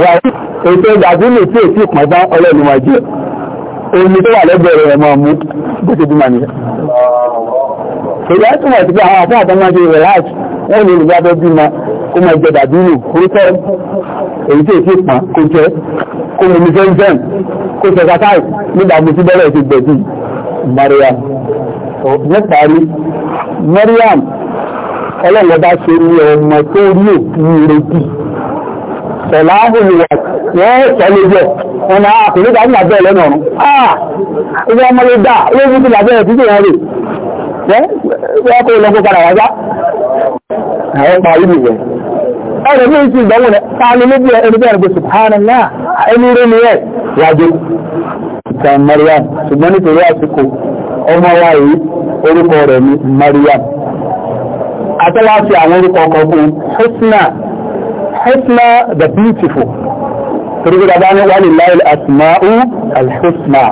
wà ní ètò ìgbàgbínlẹ̀ tí èsì ìpọ̀ bá ọlọ́ni wà jẹ́ omi tó wà lẹ́bẹ̀rẹ̀ ẹ̀ máa mú bó ṣe bímọ nìyẹn. ìyá túmọ̀ sí pé àwọn àti àtọ́ máa ṣe rẹ̀ láti wọ́n ní olùgbà bẹ́ bímọ kó máa jẹ dàbínú orúkọ èyí tí èsì ìpọ̀ kó jẹ́ kó mu ní fẹ́ńfẹ́m kó ṣe kàtàì nígbà mo ti bẹ́rẹ̀ ti gbẹ̀bí Mariam níparí Mariam ọlọ́run ọba ṣe ní ọmọ tó rí òkú rẹ̀ bíi pẹ̀lá olùwọ̀ wọ́n pẹ̀lú jẹ́ wọn náà ah, kò ní dájú àbẹ́ lẹ́nà ọ̀run ah ilé ọmọ lè dá ilé ní ti làbẹ́ ìdíje wọn rè wọ́n kó lọ́gbọ́ padà wájá àwọn pa ìlú rẹ̀ ọ̀rọ̀ ní ìsìn ìdánwò rẹ̀ ta ni lóbi ẹni bẹ́ẹ̀ rẹ̀ subhanallah ẹni rẹ̀ ni rẹ̀ wájú ìtàn Mariam ṣùgbọ́n nítorí àsìkò ọmọ wa yìí orúkọ rẹ̀ ni Mariam àtọ́wá fi àwọn orúkọ ọkọ̀ fún Husna husna the beautiful torí gbogbo àbáni wà ní asma'u al-husna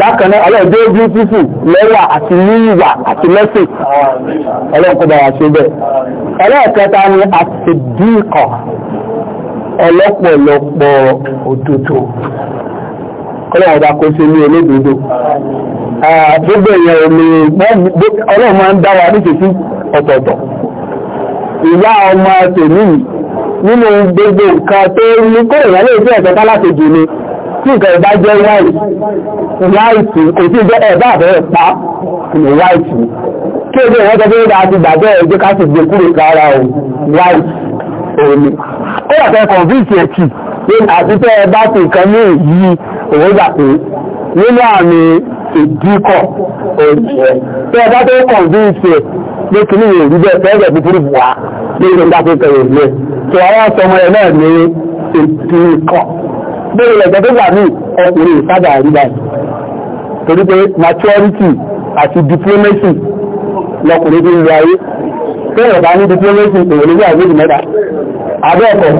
bákan náà ọlọ́ọ̀dé beautiful lẹ́wà àti níwà àti lẹ́sìn ọlọ́ọ̀kọ́bà wà ṣe bẹ́ẹ̀ ẹlẹ́ẹ̀kẹta ni àṣìdíkọ̀ ọlọ́pọ̀lọpọ̀ òtútù kọ́lọ̀wọ̀ bá kó ṣe ní olódodo gbogbo èèyàn ni ọlọ́ọ̀ máa ń dá wa ní kìí ọ̀tọ̀ọ̀tọ̀ ìyá ọmọ tèmi nínú gbogbo nǹkan tó ní kó ìrọ̀lẹ́ ìfẹ́ ẹ̀kẹ́ká láti jù ni tí nǹkan ìbá jẹ́ wáìtì wáìtì kò sí jẹ́ ẹ̀bá àbẹ̀rẹ̀ pa ní wáìtì kí o jẹ́ ìwọ́n tọ́jú ìdá àti ìgbàgbọ́ ẹ̀jẹ́ ká sì gbé kúrò kára o wáìtì òní ó yàtọ̀ kọ̀ǹfíìsì ẹ̀kì àti tẹ́ ẹ bá ti nǹkan ní èyí òun gbà pé nínú àmì ìdíkọ̀ òní tẹ́ ẹ bá tó kọ̀ǹfíìsì ẹ̀kì pé kí ní ìrìn bẹ́ẹ̀ fẹ́ẹ̀rẹ̀ bí fúrúfú wa ní ìrìn dákú kẹrẹ ìlú tó àwọn ọmọ ẹ̀ náà ní ètò ikọ̀ bẹ́ẹ̀ ilẹ̀ tó gbà ní ọkùnrin ìsájà àríwá torí pé maturity àti diplomacy lọkùnrin bí ìlú ayé bẹ́ẹ̀ bá ní diplomacy èèyàn nígbà méjì mẹ́ta abẹ́ẹ̀kọ́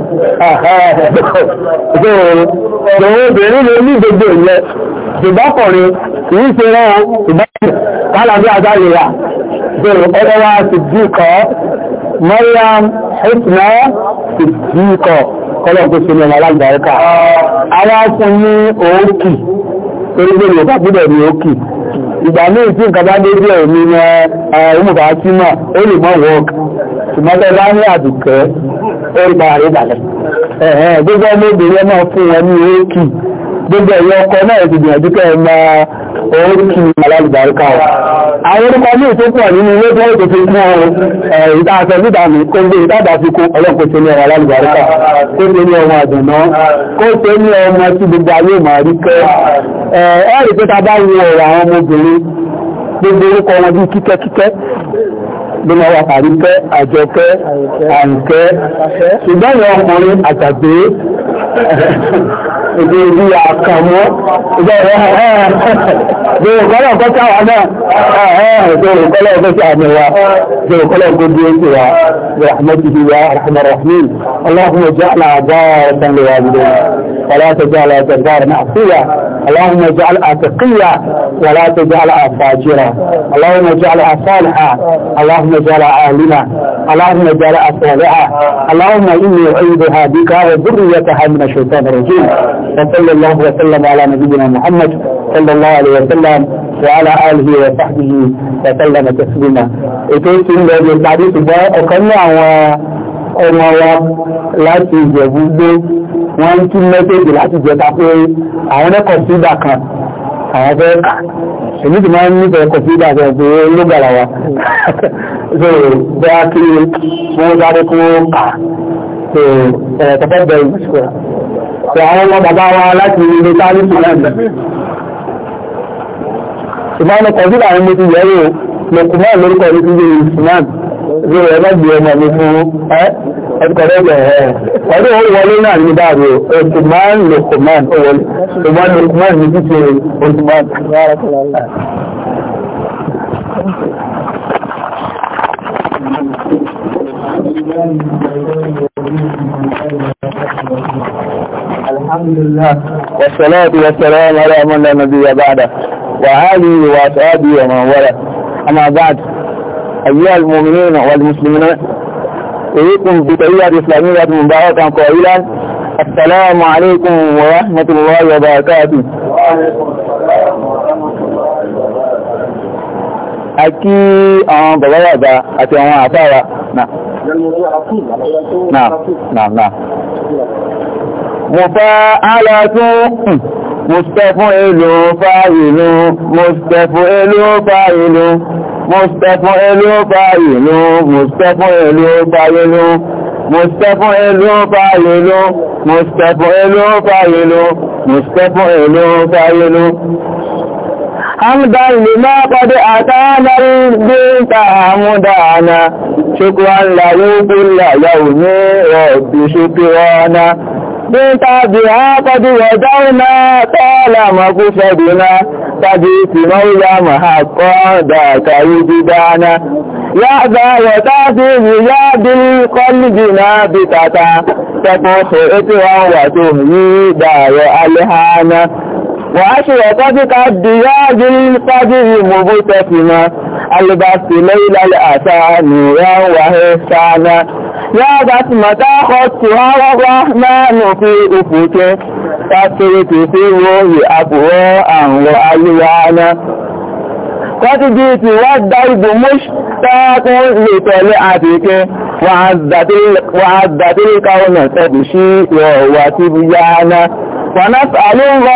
ọ̀hún obìnrin ló ní gbogbo ìyẹn ìbákọ̀rin kì í ṣe rán ìbákọ̀rin kálàbí àgbáyé wa بدر أدوى صديقة مريم حسنى صديقة قالوا بسم الله على البركة أنا سمي أوكي Orílẹ̀ Yorùbá gbọ́dọ̀ Ìgbà míì tí nǹkan bá dé bí ẹ̀mí ní ọmọdé àti náà, ó lè mọ́ wọ́ọ̀kì. Ṣùgbọ́n bá ní àdùkẹ́, Gbogbo ọmọ obìnrin náà fún wọn ní Gbogbo ẹ̀yọ ọkọ náà kẹ́ òókì alágbàríkà ọ̀. Àwọn orúkọ ní ìtókùn nínú ilé tó ètò fi kún ọrùn ìta àtẹ̀lúdà mi kó ń gbé ìtàdà fi kún ọlọ́pẹ̀tẹ̀ ní ọmọ alágbàríkà, kó ṣe ní ọmọ àdùnná, kó ṣe ní ọmọ tí gbogbo ayé máa rí kẹ́. Ẹ̀rì pé ta bá wo ọ̀rọ̀ àwọn ọmọbìnrin, gbogbo orúkọ wọn bí kíkẹ́kíkẹ́ ló máa wà pàrí kẹ́ àjọkẹ́ àǹkẹ́ èdè ìdí àkàmọ́ ìjọ rẹ̀ bẹ̀rẹ̀ kọ́lọ̀ kọ́ sí àwọn náà bẹ̀rẹ̀ kọ́lọ̀ kọ́ sí àmì wa bẹ̀rẹ̀ kọ́lọ̀ kọ́ bí يا ارحم الراحمين اللهم اجعل عذابا لوالدينا ولا تجعل جبار معصيه اللهم اجعل اتقيا ولا تجعل فاجرا اللهم اجعل صالحا اللهم اجعل عالما اللهم اجعل صالحا اللهم اني اعيذها بك وذريتها الله من الشيطان الرجيم وصلى الله وسلم على نبينا محمد صلى الله عليه وسلم وعلى آله وصحبه وسلم تسليما ètò ìsinmi ọdún ìpàdé ṣùgbọ́n ọ̀kan ní àwọn ọmọ wa láti ìjẹ̀bú gbé wọ́n ń tún mẹ́tẹ́jì láti jẹta pé àwọn ẹ̀kọ́ sídà kan àwọn fẹ́ kà èmi máa ń nífẹ̀ẹ́ kọ̀sídà fẹ́ pé ló gbàrà wa so sáré kó so ẹ̀ẹ̀kọ́fẹ́ bẹ̀rẹ̀ ìṣẹ́ so àwọn ọmọ bàbá wa láti ilé sáàlùsù náà ṣùgbọ́n ọmọ kọjú láàrin mo ti yẹ̀rọ lòkùnmọ́ lórúkọ ní ilé ìsìnàn rí rẹ̀ lọ́gbì ọmọ mi fún ẹ̀ẹ́dẹ́gbẹ̀rẹ̀ ẹ̀ pẹ̀lú ó Thank you. الحمد لله والصلاة والسلام على من لا نبي بعده وعلي وأصحابه ومن والاه أما بعد أيها المؤمنين والمسلمين أريكم بتحية إسلامية مباركة قائلا السلام عليكم ورحمة الله وبركاته Aki àwọn bàbá àti àwọn àfáà wa náà. Naam, naam, naam. Mufa'alatu hmm. mustafilu fa'ilu mustafilu fa'ilu mustafilu fa'ilu mustafilu fa'ilu mustafilu fa'ilu mustafilu fa'ilu mustafilu fa'ilu حمدا لما قد أتانا البيت حمدانا شكرا له كل يوم رب شكرانا بنت بها قد وجونا طال مقصدنا قديت مولى حقا ذاك وجدانا يعذى وتعفي بياد القلب نابتة تبخ إطرا وتهيي دار ألهانا وعشر صدق الدياج القدر مبتسما البس ليل الأتان يا وهسانا يا بسمة خطها والرحمن في أفك تسرك في روح أبواء وألوانا قد جئت والدرب مشتاق لطلعتك وعزت الكون تبشي وهو تبيانا ونسألوه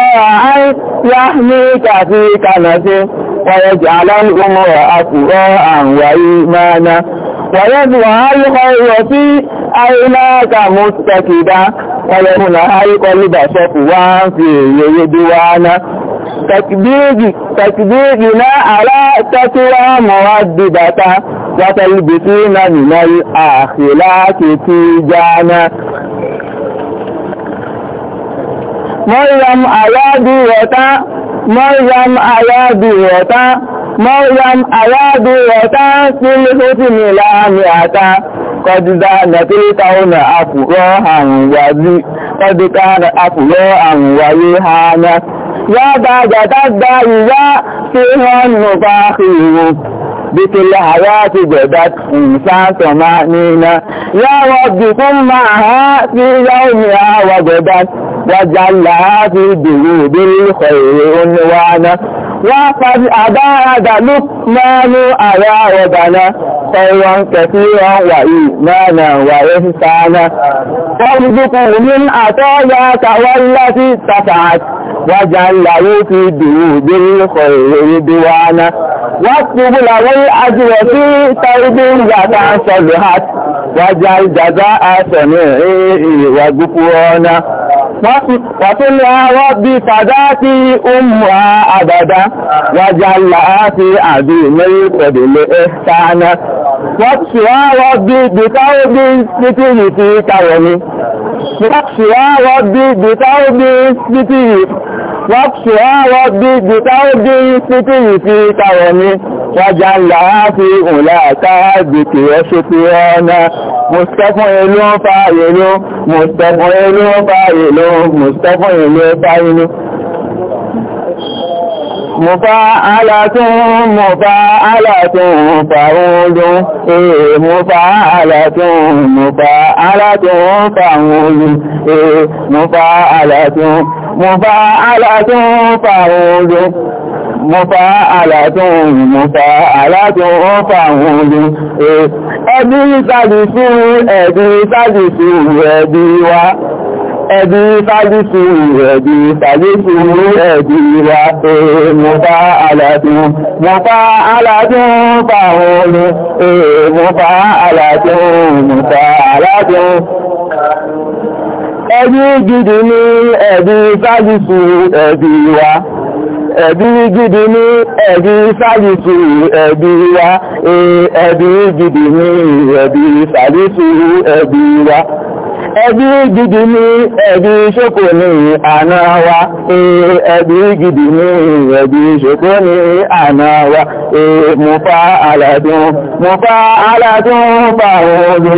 أن يحميك فيك نفسه ويجعل الأمور أسراء وإيمانا ويدعى الخير في أيناك مستكدا ويكون هيك البشر وفي يدوانا تكبيري تكبيرنا على تكوى مرددة وتلبسين من الآخرات تيجانا Maryam ayádìrọ̀tá Maryam ayádìrọ̀tá Maryam ayádìrọ̀tá sílẹ̀fẹ́tìmí láàmì àta kọjúdá nàtílítà ọ̀nà àfùrọ̀ àrùn wáyé hánà. Ya bàjá tàgbà ìyá tí wọ́n nù bá kìrò. بكل الحياة جدت إنسان طمأنينة يا رب كن معها في يومها وجدت وجعلها في جيوب الخير عنوانا وقد أباد لقمان على ربنا خيرا كثيرا وإيمانا وإحسانا وارزقه من عطاياك والتي اتسعت وجعله في جيوب الخير دوانا واكتب له الأجر في تربية صلحت واجعل جزاء سمعه وغفرانا وطلها ربي فداتي أمها أبدا وجلها في عديم الفضل إحسانا واكسها ربي بثوب الستر في كوني واكسها ربي بثوب الستر wọ́pù ọwọ́ bí jùta ó bí títí ìfi tàwọ̀ ni wájà ńlá fi ńlá káàgbèkè ẹ̀ṣẹ́kì ọ̀nà mùsùlùmí ìlú ń fa ìlú mùsùlùmí ìlú ń fa ìlú mùsùlùmí ìlú ń fa ìlú mufa'alatu mufa'alatu fa'udu eh mufa'alatu mufa'alatu fa'udu eh mufa'alatu mufa'alatu fa'udu mufa'alatu mufa'alatu fa'udu eh ẹbí sáàdì sí ẹbí sáàdì sí ẹbí wa ẹbí fájíkú ẹbí fájíkú ẹbí wa pé mọ́fá aládùn mọ́fá aládùn fàwọnù mọ́fá aládùn mọ́fá aládùn ẹbí gidi ní ẹbí fájíkú ẹbí wa ẹbí gidi ní ẹbí fájíkú ẹbí wa ẹbí gidi ní ẹbí fájíkú ẹbí wa ẹbí gidi ní ẹbí ṣòkò ní àná wa ẹbí gidi ní ẹbí ṣòkò ní àná wa mọ́fà aládùn mọ́fà aládùn fàwọn ojú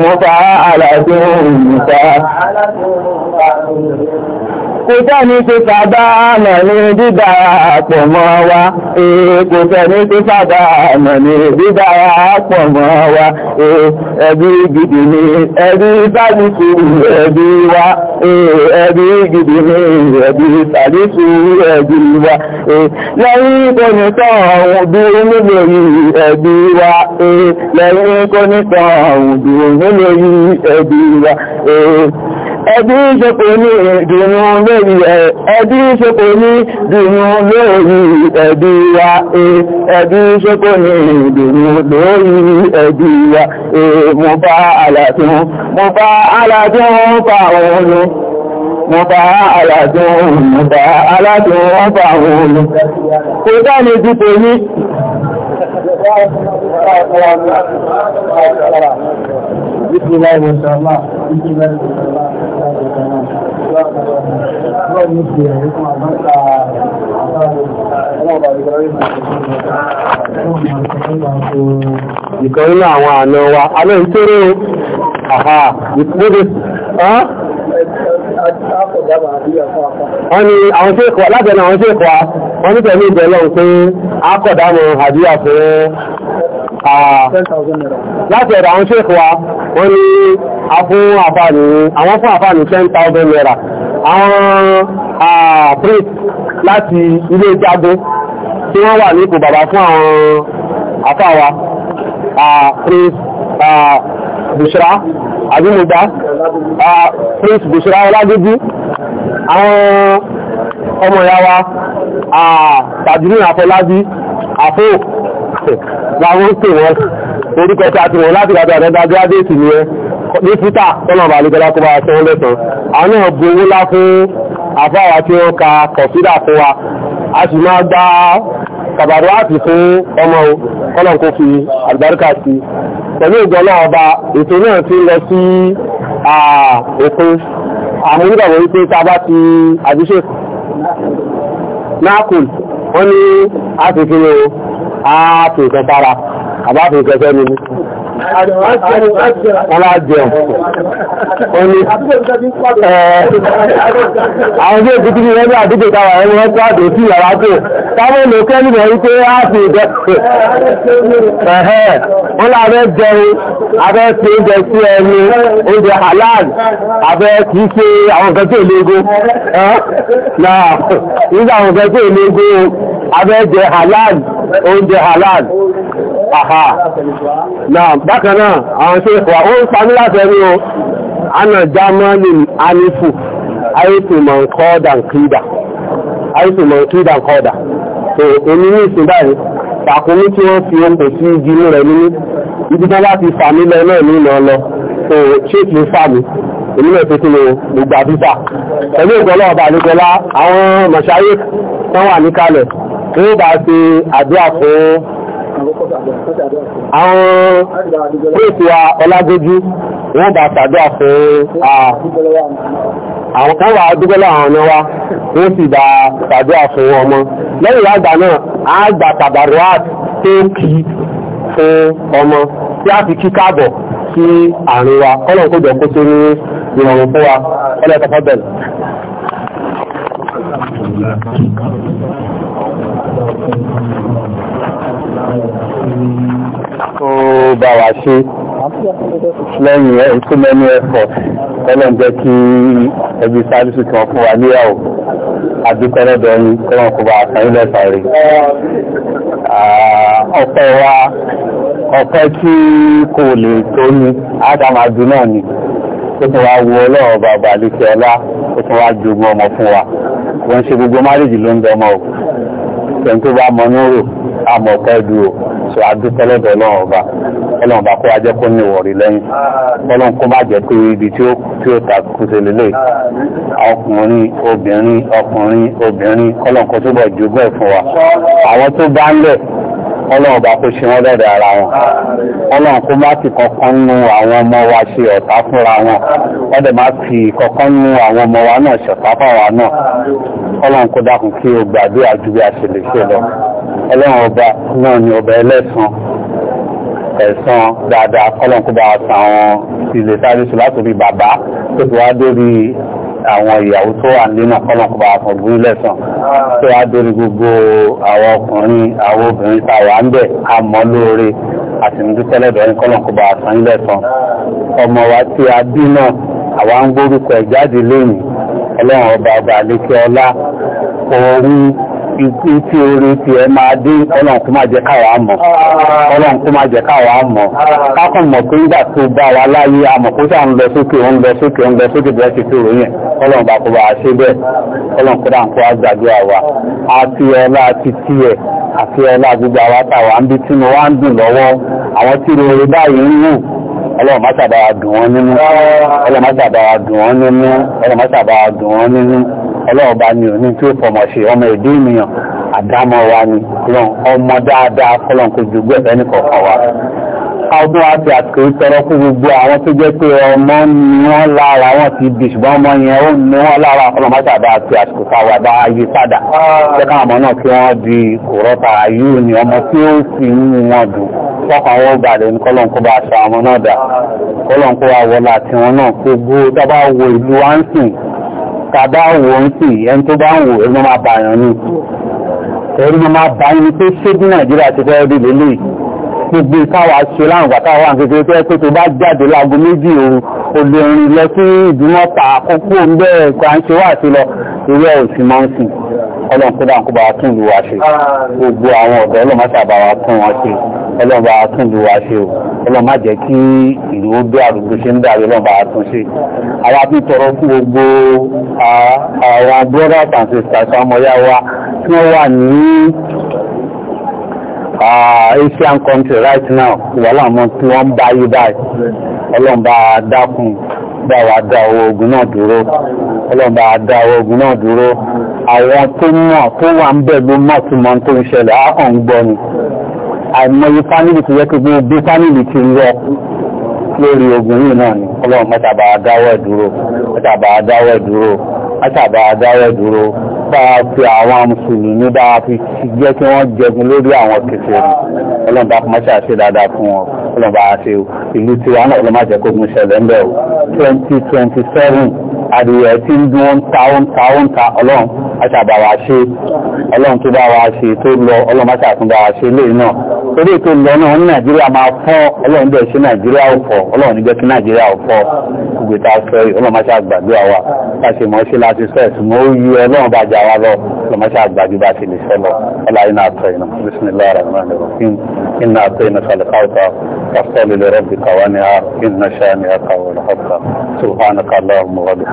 mọ́fà aládùn mọ́fà aládùn fàwọn ojú kò tẹ́ni ti fàdá àmà ní dídá àpọ̀ mọ́ wa ee kò tẹ́ni ti fàdá àmà ní dídá àpọ̀ mọ́ wa ee ẹbí gidi ni ẹbí sálísù ẹbí wa ee ẹbí gidi ni ẹbí sálísù ẹbí wa ee lẹ́yìn kọ́nìtàn ọ̀hún bí nílò yìí ẹbí wa ee lẹ́yìn kọ́nìtàn ọ̀hún bí nílò yìí ẹbí wa ee ẹbí ń ṣe kò ní ìdùnnú lórí ẹbí ń ṣe kò ní ìdùnnú lórí ẹbí wa e, ẹbí ń ṣe kò ní ìdùnnú lórí ẹbí wa e. mo bá àlàtún mo bá àlàtún fáwọn olú mo bá àlàtún mo bá àlàtún fáwọn olú kò dá ti tò ní بسم الله ما شاء الله بسم الله ما شاء الله Ìkan nínú àwọn àna wa, alẹ́ ń tóró àhà ìpínlẹ̀ ọ́n. Wọ́n ni àwọn tí èkọ́, látẹ̀nà àwọn tí èkọ́, wọ́n ní tẹ̀lé ìbẹ̀lọ́ pé a kọ̀dámọ̀ àdíyà fún Ah. láti ẹ̀dà àwọn ṣéèkù wa wọ́n ní afún àfààní àwọn fún àfààní 10,000 naira àwọn ah, priest láti ilé ìjágún tí wọ́n wà ní ipò bàbá fún àwọn àfáwa ah, priest Bushra àdúgbògbà prince Bushra ọlágójú àwọn ọmọ ìyá wa tàbí ní àfọlábí àfóò làwọn ń pè wọ́n orúkọ tí a ti wọ̀n láti gbàgbà àdẹ́gbà gírádẹ́ẹ̀tì ni ẹ ní fúta tọ́lọ̀mà àlejọ́lá kó bá a wọn lẹ́sàn àwọn náà bu owó lá fún afáwà tí ó ka kọ̀sídà fún wa a sì máa gba kàbàrọ̀ àti fún ọmọ kọ́lọ̀ kó fi àlùbáríkà sí pẹ̀lú ìjọ náà ọba ètò náà ti lọ sí òpin àmọ́ nígbàgbọ́ wípé tá a bá ti àdúṣe náà kù wọ́n ní àfikún o á fi nǹkan sára àbá fi nǹkan sẹ́ni alájẹun oní àwọn tí èkìtì ní ẹgbẹ́ àdúgbò táwà ẹni wọ́n kọ́ àdó sí yàrá tó táwọn èlò kẹ́lì mọ̀ wípé á fi ìdẹ́ ẹ̀hẹ́ wọ́n lábẹ́ jẹun abẹ́ fi oúnjẹ sí ẹni oúnjẹ halal abẹ́ kìí ṣe àwọn nǹkan tí ò léego náà nígbà àwọn nǹkan tí ò léego abẹ́ jẹ halal oúnjẹ halal àhà náà bákan náà àwọn ṣe wà ó ń pa ní láti ẹni o ana jamani anifu aitu man kọ́dàn kìdà aitu man kìdàn kọ́dà so èmi ní ìsìn báyìí tàkùnmí tí wọ́n fi ń pè sí igi inú rẹ̀ nínú ibi tí wọ́n bá ti fà mí lọ náà ní ìlọ lọ so ṣé kìí fà mí èmi náà tuntun ni mo gbà fífà pẹ̀lú ìgbọ́lọ́ ọba àdìgbọ́lá àwọn mọ̀ṣáyé tán wà níkàlẹ̀ tó bá ṣe àdúrà fún àwọn pèsè ọlágójú wọ́n bá tàbí àfẹ́ àwọn kan wà dúgbẹ́lẹ̀ àwọn ọ̀nà wa wọ́n sì bá tàbí àfẹ́ ọmọ lẹ́yìn ìwádà náà a gbà tàbàrọ̀ tó kí fún ọmọ tí a fi kí káàbọ̀ sí àárín wa kọ́lọ̀ kó jọ kó tó ní ìrọ̀rùn fún wa ọlọ́ Thank you kó bá wa ṣe lẹ́yìn ẹ̀kú mẹ́nu ẹ̀fọ́ ọlọ́n jẹ́ kí ẹbí sáàbìsì kan fún wa níyàwó àdúpẹ́ lọ́dọ̀ yín kọ́lọ́n kó bá a sàn ilẹ̀ sàárè ọpẹ́ wa ọpẹ́ tí kò lè tó ní ádámàdú náà ni ó tún wá wo ọlọ́run bàbá lékè ọlá ó tún wá jogún ọmọ fún wa wọ́n ṣe gbogbo márìjì ló ń dọmọ ò àmọ̀ pẹ́ du o so adúpẹ́ lọ́dọ̀ ọlọ́run ọba ọlọ́run ọba kó wa jẹ́ kó ní ìwọ̀rí lẹ́yìn ọlọ́run kó má jẹ́ pé ibi tí ó tí ó takú ṣe lélẹ̀ ọkùnrin obìnrin ọkùnrin obìnrin ọlọ́run kó túbọ̀ jogún ẹ̀ fún wa àwọn tó bá ń lẹ̀ ọlọ́run ọba kó ṣe wọ́n lọ́dọ̀ ara wọn ọlọ́run kó má fi kankan nu àwọn ọmọ wa ṣe ọ̀tá fúnra wọn wọ́n má fi kankan nu àwọn ọmọ wa náà ṣọ̀tá fáwa náà ọlọ́run kó dákun kí o gbàdúrà ju bí a ṣe lè ṣe lọ ọlọ́run ọba náà ni ọba ẹlẹ́sàn ẹ̀sán dáadáa kọ́lọ̀n kó bá san àwọn ilé sáré sùn látòrí bàbá tó ti wá dórí àwọn ìyàwó tó wà nílé náà kọ́lọ̀n kó bá san ògbó lẹ́sàn tó wá dórí gbogbo àwọn ọkùnrin àwọn obìnrin tá a wà ń bẹ̀ àmọ́ lóore àti ní dúpẹ́lẹ́bẹ̀ẹ́ kọ́lọ̀n kó bá san lẹ́sàn ọmọ wa tí a bí náà àwa ikú tí orí tí ẹ máa dé ọlọ́run kó má jẹ́ káwa mọ̀ ọlọ́run kó má jẹ́ káwa mọ̀ kákan mọ̀ pé nígbà tó bá wa láyé àmọ̀ kó sà ń lọ sókè ń lọ sókè ń lọ sókè bẹ́ẹ̀ ti tó ròyìn ọlọ́run bá kó bá a ṣe bẹ́ẹ̀ ọlọ́run kó dáǹkó á gbàdúrà wa àti ọlá ti tí ẹ̀ àti ọlá gbogbo àwa táwa ń bí tí mo wá ń dùn lọ́wọ́ àwọn tí rere báyìí ń wù ọlọ́run má sábà dùn wọ́n nínú ọlọ́run má sábà dùn wọ́n nínú ọlọ́run má sábà dùn wọ́n nínú ọlọ́run bá ní òní tí ó fọmọ̀ ṣe ọmọ èdè ènìyàn àdámọ̀ wa ni ọmọ dáadáa kọlọ́n kò jù gbẹ̀fẹ́ ní kọ̀ọ̀kan wa. ọdún wa ti àtìkò tọrọ fún gbogbo àwọn tó jẹ́ pé ọmọ ni wọ́n lára wọn ti di ṣùgbọ́n ọmọ yẹn ó ní wọ́n lára ọlọ́run má sábà ti àtìkò táwa bá yí padà. jẹ́ káwọn ọmọ náà kí wọ́n di kòrọ́ta yìí ni ọmọ tí ó fi ń wọn dùn kọ́kọ́ àwọn ọgbà rẹ̀ ní kọ́lọ̀nkọ́ bá aṣọ àwọn náà dà kọ́lọ̀nkọ́ wa wọlá àti wọn náà gbogbo tàbá wo ìlú wa ń sìn tàbá wo ń sìn ẹni tó bá ń wò ẹni máa bàyàn ni ẹni máa bàyàn ni pé ṣé bí nàìjíríà ti fẹ́ rí lélẹ̀ gbogbo ìkáwà ṣe láwọn bàtà wà kékeré tó yẹ pé ọlọ́run kó bá kó bá tún ìlú wa ṣe gbogbo àwọn ọ̀dọ́ ọlọ́mọ́ta wa tún wọn ṣe ọlọ́run bá tún wa ṣe o ọlọ́run má jẹ́ kí ìlú ó bí àrùn ṣe ń dàrí ọlọ́run bá tún ṣe ara bí tọrọ fún gbogbo àwọn brothers and sisters wa tí wọ́n wà ní Asian country right now wàhálà mọ́ tí wọ́n ń bá yí báyìí ọlọ́run bá dákun bá wa dá owó ogun náà dúró ọlọ́run dá owó ogun náà dúró àwọn tó mọ̀ tó wà ń bẹ̀ ló mọ̀ tó mọ̀ tó ń ṣẹlẹ̀ á hàn ń gbọ́ ni àìmọye fámìlì tó yẹ kí gbogbo fámìlì ti rọ lórí ogun yìí náà ni ọlọ́run mọ́tàbà dáwọ́ dúró mọ́tàbà dáwọ́ dúró mọ́tàbà dáwọ́ dúró bá a fi àwọn mùsùlùmí bá a fi jẹ́ kí wọ́n jẹgun lórí àwọn kèfèrí ọlọ́run bá kọ́mọ́ ṣe àṣẹ dáadáa fún wọn ọlọ́run bá a ṣe adìyẹ tí ń dún ń ta ń ta ń ta ọlọ́run aṣàbà wa ṣe ọlọ́run tó bá wa ṣe tó lọ ọlọ́run aṣà tún bá wa ṣe lè náà torí ètò ìlọ náà ní nàìjíríà máa fọ́ ọlọ́run bẹ́ẹ̀ ṣe nàìjíríà ò fọ́ ọlọ́run níjẹ́ kí nàìjíríà ò fọ́ gbogbo ìta sọ yìí ọlọ́run aṣà gbàdúrà wa bá ṣe mọ̀ ṣe láti sọ ẹ̀sùn mọ́ ó yí ọlọ́run bá jà wá lọ ọlọ́run aṣà gbàdú bá ṣe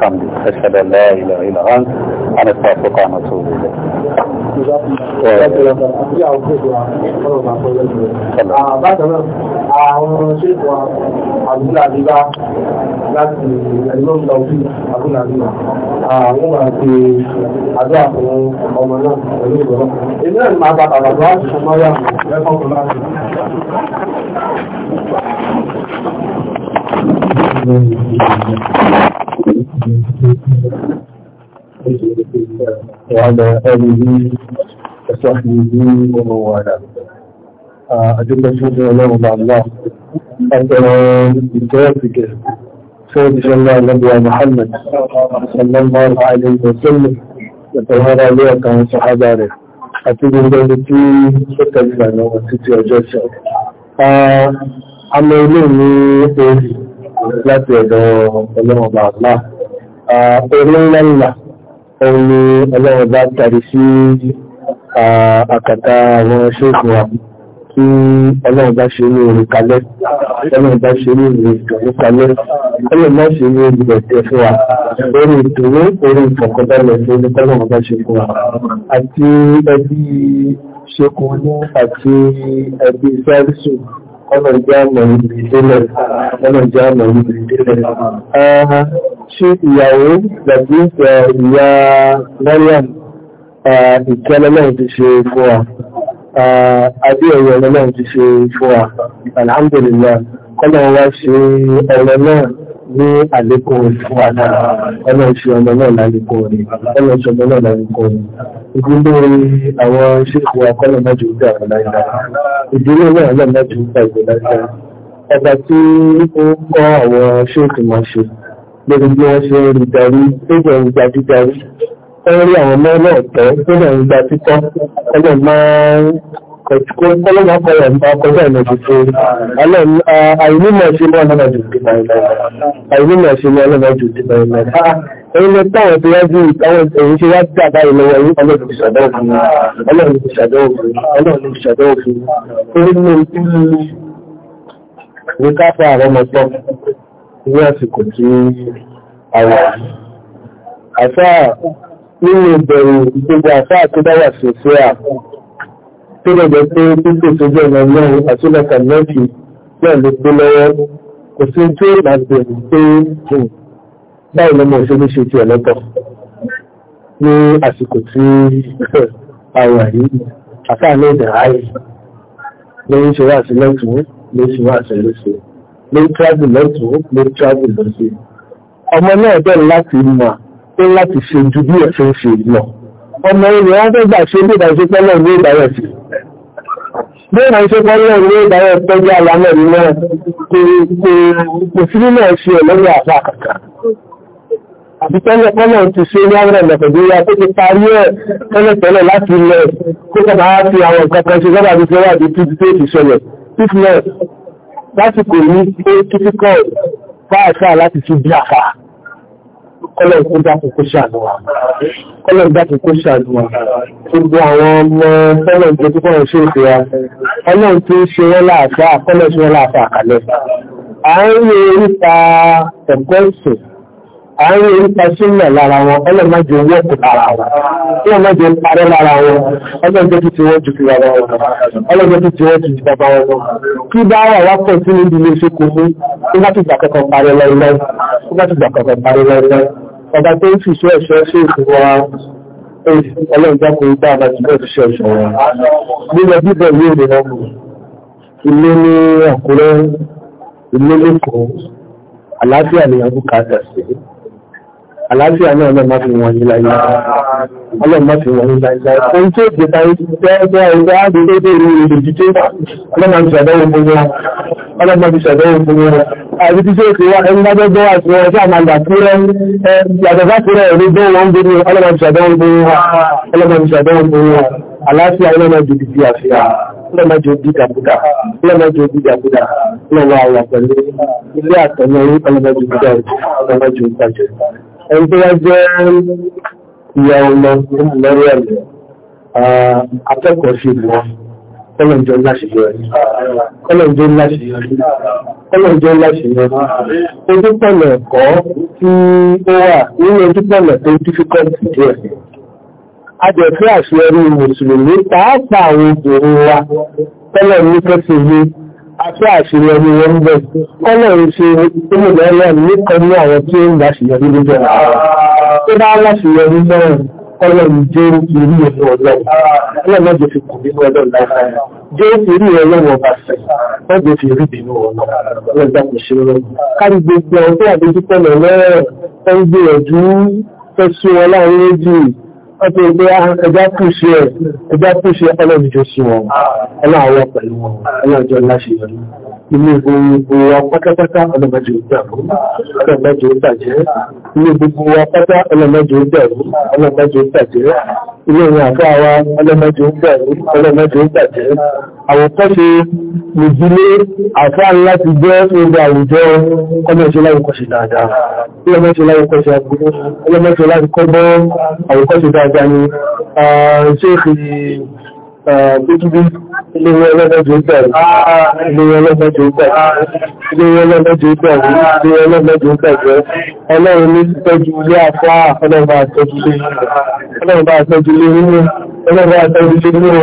وبحمدك أشهد أن لا إله إلا أنت أنا أستغفرك ونتوب إليك bákan náà àwọn ṣéèkù àbúlàdíbá láti ẹ̀lọ́gbà òfin àbúlàdíbá àwọn máa ṣe àdúrà fún ọmọ náà pẹ̀lú ìgbọ̀nà èmi náà máa bàbà bàbá àṣìṣe mọ́yà lẹ́kọ̀ọ́kọ̀ láti Thank you. وعلى آله وصحبه ومن والاه آه، أجل شكرا له مع الله أن بتوافقه سيد الله نبي محمد صلى الله عليه وسلم يتوارى لي كان صحابة عليه أتيجي لدولتي شكرا لنا وسيتي أجاسي آه، أما إليه لاتي أدو الله orílẹ̀-èdè òun ni ọlọ́run bá tàbí sí àkàtà àwọn ṣéèkù wa kí ọlọ́run bá ṣe ní orí kalẹ́ ọlọ́run bá ṣe ní orí ìdùnnú kalẹ́ ọlọ́run bá ṣe ní orí ẹ̀tẹ́ fún wa orí ìdùnnú orí ìfọ̀kọ́bẹ̀lẹ̀ fún ní ọlọ́run bá ṣe ní àti ṣe ìyàwó gbàgbé ìyá Mariam ìkẹ́lẹ́lẹ́rìn ti ṣe fún wa àbí ẹ̀yọ̀ ọlọ́run ti ṣe fún wa alhamdulillah kọ́lọ̀ wá ṣe ọ̀rọ̀ náà ní àlékún fún wa náà ọlọ́run ṣe ọmọ náà lálékún rẹ̀ ọlọ́run ṣe ọmọ náà lálékún rẹ̀ ìdílé àwọn ṣèkú akọ́lọ̀ mọ́jú gbà láìda ìdílé náà lọ́mọ́jú gbà láìda ọba tí ó kọ́ àwọn ṣèkú máa ṣe lórí bí wọ́n ṣe ń rí darí lórí ẹ̀rù gbajúgbarí wọ́n rí àwọn ọmọ náà tọ́ lórí ẹ̀rù gbajúkọ́ ọlọ́run máa ń kọ̀tíkọ́ ọlọ́run máa kọ̀rọ̀ nípa kọjá ìmọ̀ òṣìṣẹ́ ọlọ́run àìnímọ̀ ṣe mọ́ ọlọ́run jù dìbò ìlànà àìnímọ̀ ṣe mọ́ ọlọ́run jù dìbò ìlànà ẹ̀yin lọ táwọn tó yájú ìtàwọn èyí ṣe wá dà báyìí lọ́wọ́ yìí ọlọ́run ti ṣàdọ́ òfin ọlọ́run ti ṣàdọ́ òfin ọlọ́run ti ṣàdọ́ òfin orí mi ní káfà àwọn ọmọ tọ́ ní àsìkò tí a wà yìí. Àfáà nínú ìbẹ̀rù gbogbo àfáà tó dáwà sí sí à tó lọ́gbẹ́ pé pípò tó jẹ́ ọmọ mẹ́rin àti lọ́kà mẹ́bì náà ló pé lọ́wọ́ kò sí tí ó máa bẹ̀rù pé báyìí lọ́mọ òṣèlú ṣe ti ọ̀lọ́tọ̀ ní àsìkò tí a wà yìí àfáà ní ìdàráyè lóyún ṣe wá sí lẹ́tùú lóyún ṣe wá sí lẹ́sẹ̀ẹ́ ló ń travel lọ́tún ló ń travel lọ́sẹ̀ ọmọ náà bẹ̀rẹ̀ láti mọ̀ pé láti ṣe ju bí ẹ̀fẹ́ ṣe lọ ọmọ ilẹ̀ wọn fẹ́ gbà ṣe bí ìdájọ́ pẹ́lẹ̀ ní ìdáyẹ̀ sí bí ìdájọ́ pẹ́lẹ̀ ní ìdáyẹ̀ pẹ́jọ́ alámọ̀ ní náà kò sí nínú ẹ̀ṣẹ̀ lọ́wọ́ àbá kàkà àti tẹ́lẹ̀ pẹ́lẹ̀ ti ṣe ní àwọn ẹ̀mẹ̀kọ̀dúnrà tó ti parí ẹ̀ tẹ́lẹ̀ tẹ́lẹ̀ láti ilẹ̀ kó kọ̀ máa fi àwọn nǹkan kan ṣe lọ́wọ́ àti ṣe wà ní ti ṣẹlẹ̀ lásìkò ní pé kíkọ́ fáàṣà láti fi bí àfà kọ́lọ̀ tó dákùn kó ṣàlùwà kọ́lọ̀ dákùn kó ṣàlùwà gbogbo àwọn ọmọ fẹ́lọ̀ tó tó fọ́rọ̀ ṣe ìfẹ́ ọlọ́run tó ṣe wọ́n láàfà kọ́lọ̀ ṣe wọ́n láàfà àkàlẹ̀ àárín oríta ẹ̀kọ́ ìsìn àárín oríta sílẹ̀ lára wọn ọlọ́mọdé owó kò lára wọn ọlọ́mọdé parẹ́ lára wọn ọlọ́mọdé tó ti wọ́n ju ti bàbá wọn ọlọ́mọdé tó ti wọ́n ju ti bàbá wọn kí bá wà wá pọ̀ sí níbi ilé iṣẹ́ kò ní kó bá ti gbà kọ̀kọ̀ parẹ́ lọ́wọ́ kó bá ti gbà kọ̀kọ̀ parẹ́ lọ́wọ́ ọba tó ń fìṣẹ́ ẹ̀ṣọ́ sí èkó wa ọlọ́mọdé kò gbà bá ti bẹ́ẹ̀ fìṣẹ́ ẹ̀ṣọ́ wa nílẹ̀ bíbẹ̀ yóò lè rọ ilé ní Àkúrẹ́ ilé lẹ́kọ̀ọ́ àlàáfíà ni àbúkà tẹ̀sí àlàáfíà náà náà má fi wọ́n ní láyé ọlọ́run má fi wọ́n ní láyé ohun tí ó jẹ ta ẹgbẹ́ ẹgbẹ́ àgbẹ̀lẹ́gbẹ̀ ìrìnlẹ̀ jíjẹ́ ọlọ́run ti ṣàdọ́wò gbogbo ọlọ́run ti ṣàdọ́wò gbogbo àti tí ó ti wá ẹni lágbẹ́gbẹ́ àti wọn tí a máa gbà kúrẹ́ yàtọ̀fà kúrẹ́ ẹ̀rí gbọ́ wọn gbogbo ọlọ́run ti ṣàdọ́wò gbogbo ọlọ́run ti ṣàdọ́wò gbogbo àlàáfíà ọlọ́run ti di àfihàn lọ́mọ jẹ́ bí dàbúdà lọ́mọ jẹ́ bí dàbúdà lọ́wọ́ àwọn pẹ̀lú ilé àtọ̀nà orí ọlọ́mọ jẹ́ bí dàbúdà lọ́mọ jẹ́ bí dàbúdà ẹni tó wá jẹ́ ìyá ọmọ lọ́rọ̀ ẹ̀lẹ̀ akẹ́kọ̀ọ́ sí ìwọ kọ́lọ̀jọ́ láṣeyọrí kọ́lọ̀jọ́ láṣeyọrí kọ́lọ̀jọ́ láṣeyọrí ojúpọ̀lẹ̀ ẹ̀kọ́ tí ó wà nínú ojúpọ̀lẹ̀ tó dífíkọ́tì díẹ̀ adẹ̀fẹ́ àṣeyọrí mùsùlùmí pàápàá àwọn obìnrin wa tọ́lọ̀ ní kẹ́sì yìí àti àṣírí ẹni wọn ń bẹ̀. kọ́lọ̀ ìṣe ìpínlẹ̀ ọlọ́run nìkan ní àwọn tí ó ń gbà ṣèyọrí lójú ọ̀la. tó bá láti yọrí mẹ́rin kọ́lọ̀ ní jẹ́ ìrí ẹ̀mí ọlọ́run. ọlọ́run náà jẹ́ fi kù nínú ọlọ́run láìpẹ́. jẹ́ ìrí ọlọ́run ọba fẹ̀. wọ́n jẹ́ fi rí bínú ọlọ́run. ọlọ́run dàpọ̀ ṣe rẹ̀. kárí gbogbo àwọn tó àdójútẹ́lẹ̀ lọ́rẹ̀ ọ̀tọ̀ ìgbé ẹjá púṣẹ́ ẹ̀ ẹjá púṣẹ́ ọlọ́run jọ sí wọn ọlọ́run àwọn pẹ̀lú wọn ọlọ́run láṣẹ yọrí ilé gbogbo wa pátápátá ọlọ́mọdé ìdàrú ọlọ́mọdé ìtàjẹ́ ilé gbogbo wa pátá ọlọ́mọdé ìdàrú ọlọ́mọdé ìtàjẹ́ ilé ìrìn àfá wa ọlọ́mọdé ìdàrú ọlọ́mọdé ìtàjẹ́ àwòkọ́ṣe nìdílé àfá láti jẹ́ orí àwùjọ ọlọ́mọdé láwùkọ́ṣe dáadáa ọlọ́mọdé láwùkọ́ṣe àbúrú ọlọ́mọdé láwùkọ́gbọ́ àwòkọ́ṣe dáadáa ni ṣéèkì ah, gbígbí iléwé ọlọ́mọdé ìgbàrí iléwé ọlọ́mọdé ìgbàrí iléwé ọlọ́mọdé ìgbàrí iléwé ọlọ́mọdé ìgbàrí ọlọ́run ní tọ́jú ilé àfá ọlọ́run bá tọ́jú ilé ọlọ́run bá tọ́jú ilé nínú ọlọ́run bá tọ́jú ilé nínú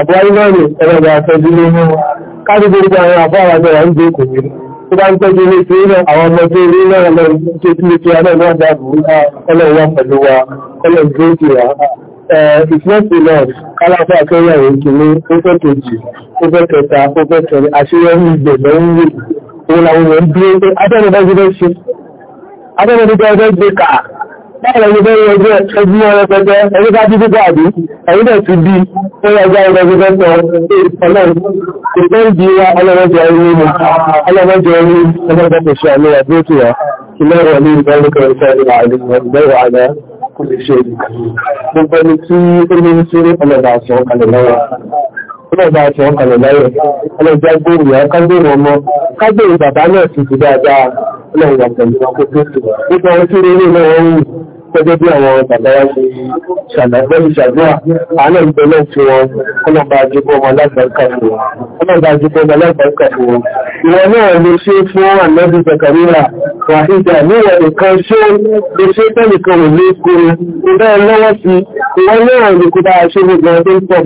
àbúráyé náà ni ọlọ́run bá tọ́jú ilé nínú káàdì gbogbo àwọn àfá àwọn àjọ àwọn ìgbé kò ní tó bá ń tọ́jú ilé ìfúnṣe eh, lọ kálápá akẹ́yàwó kìíní ó fẹ́ kejì ó fẹ́ kẹta ó fẹ́ kẹrin àṣeyọrí ibẹ̀ lọ́wọ́ wò òun làwọn èèyàn dúró pé adẹ́nudá ti fẹ́ ṣe adẹ́nudá ti fẹ́ gbé kà báwo ni bẹ́ẹ̀ yọjú ẹbí wọn rẹpẹtẹ ẹbí bá ti dúpọ̀ àbí ẹ̀yìn náà ti di ó yọjú ẹgbẹ́ ti fẹ́ sọ ọlọ́run kò fẹ́ di wa ọlọ́mọdé ẹni mu ọlọ́mọdé ẹni ọlọ́mọdé kò ṣe àmì àdúrótì wa ìlọ́rọ̀ ní ìbẹ́lẹ́kọ̀ọ́ ìfẹ́ ìwà àdúgbò ìbẹ́wà àdá kò lè ṣe gbogbo ẹni tí ó ní tí ọlọ́dà àṣọ kalẹ̀ lọ́wọ́ ọlọ́dà àṣọ kalẹ̀ lọ́wọ́ ọlọ́dà gbòòrò yà kágbòòrò ọmọ kágbòòrò bàbá náà ti fi dáadáa ọlọ́dà pẹ̀lú ọkọ̀ tó ti gbogbo ẹni tí ó ní gẹ́gẹ́ bí àwọn bàbára ṣe ṣàlàgbẹ́lú ṣàdúrà àánà ìgbẹ̀lẹ̀ tí wọn ọlọ́bà àjẹ́bọ́ ọmọ alágbàkà fún wọn ọlọ́bà àjẹ́bọ́ ọmọ alágbàkà fún wọn ìwọ náà lè ṣe fún ànábì zakaria wàhídà níwọ nìkan ṣe lè ṣe tẹ́nìkan ò lè kúrò ìbẹ́ lọ́wọ́ sí ìwọ náà lè kó bá ṣe gbogbo ọdún pọ̀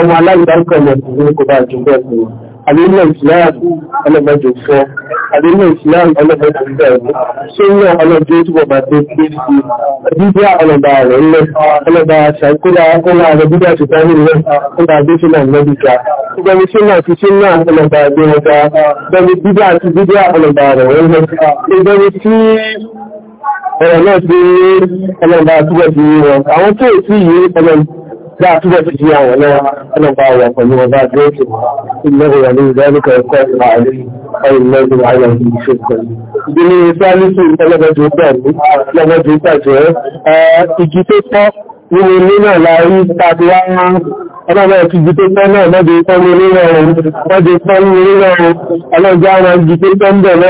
ọmọ alágbàkà lọ sí kó bá àjẹ́bọ́ fún wọn àdínlẹ̀ islam ọlọ́mọdé fọ́ àdínlẹ̀ islam ọlọ́mọdé bẹ̀rẹ̀ ṣéyàn ọlọ́dé túbọ̀ bá dé pé sí bíbá ọlọ́dà rẹ̀ lẹ̀ ọlọ́dà ṣàkóla ọlọ́dà rẹ̀ bíbá ṣùgbọ́n nílẹ̀ ọlọ́dà dé sílẹ̀ mẹ́bíkà gbẹ̀mí ṣéyàn àti ṣéyàn ọlọ́dà dé ọjà gbẹ̀mí bíbá àti bíbá ọlọ́dà rẹ̀ lẹ̀ gbẹ̀mí tí ọ̀rọ̀ náà ti ọlọ́dà túbọ̀ ti rí wọn àwọn tó لا توجد فيها ولا أنا بعوض والموضوع بيته إنه ولي ذلك يقال عليه أو اللازم عليه شكرا بالنسبة لي في طلبة جوتان لما جوتان إجيتك nínú ilé náà láàrí tàbí wọ́n ọlọ́rọ̀ ìfìjì tó pẹ́ náà lọ́dẹ ìpọ́nlẹ̀ orílẹ̀ ọ̀run lọ́dẹ ìpọ́nlẹ̀ orílẹ̀ ọ̀run ọlọ́jọ́ àwọn ìjì tó pẹ́ndẹ̀ náà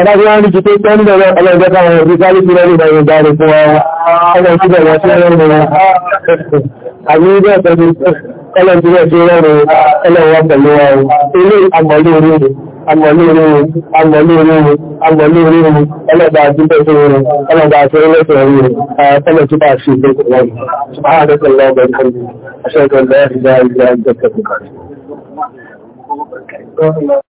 ọlọ́dẹ àwọn ìjì tó pẹ́ndẹ̀ náà ọlọ́jọ́ àwọn ìjì tó pẹ́ndẹ̀ náà ọlọ́jọ́ àwọn ìjì tó pẹ́ndẹ̀ náà ọlọ́jọ́ àwọn ìjì tó pẹ́ndẹ̀ náà ọlọ́jọ́ àwọn ìjì tó pẹ́ndẹ̀ agbọ̀lóorin agbọ̀lóorin agbọ̀lóorin ọlọ́gbà àjúbẹ́sẹ̀ orin ọlọ́gbà àṣẹ́lẹ́sẹ̀ orin ọlọ́gbà tí bá ṣe ìgbẹ́sẹ̀ lọ́wọ́ ṣùgbọ́n àdẹ́sẹ̀ lọ́gbà ìkọlù àṣẹ́gbẹ̀lẹ́ ìgbà ìgbà ìgbẹ̀sẹ̀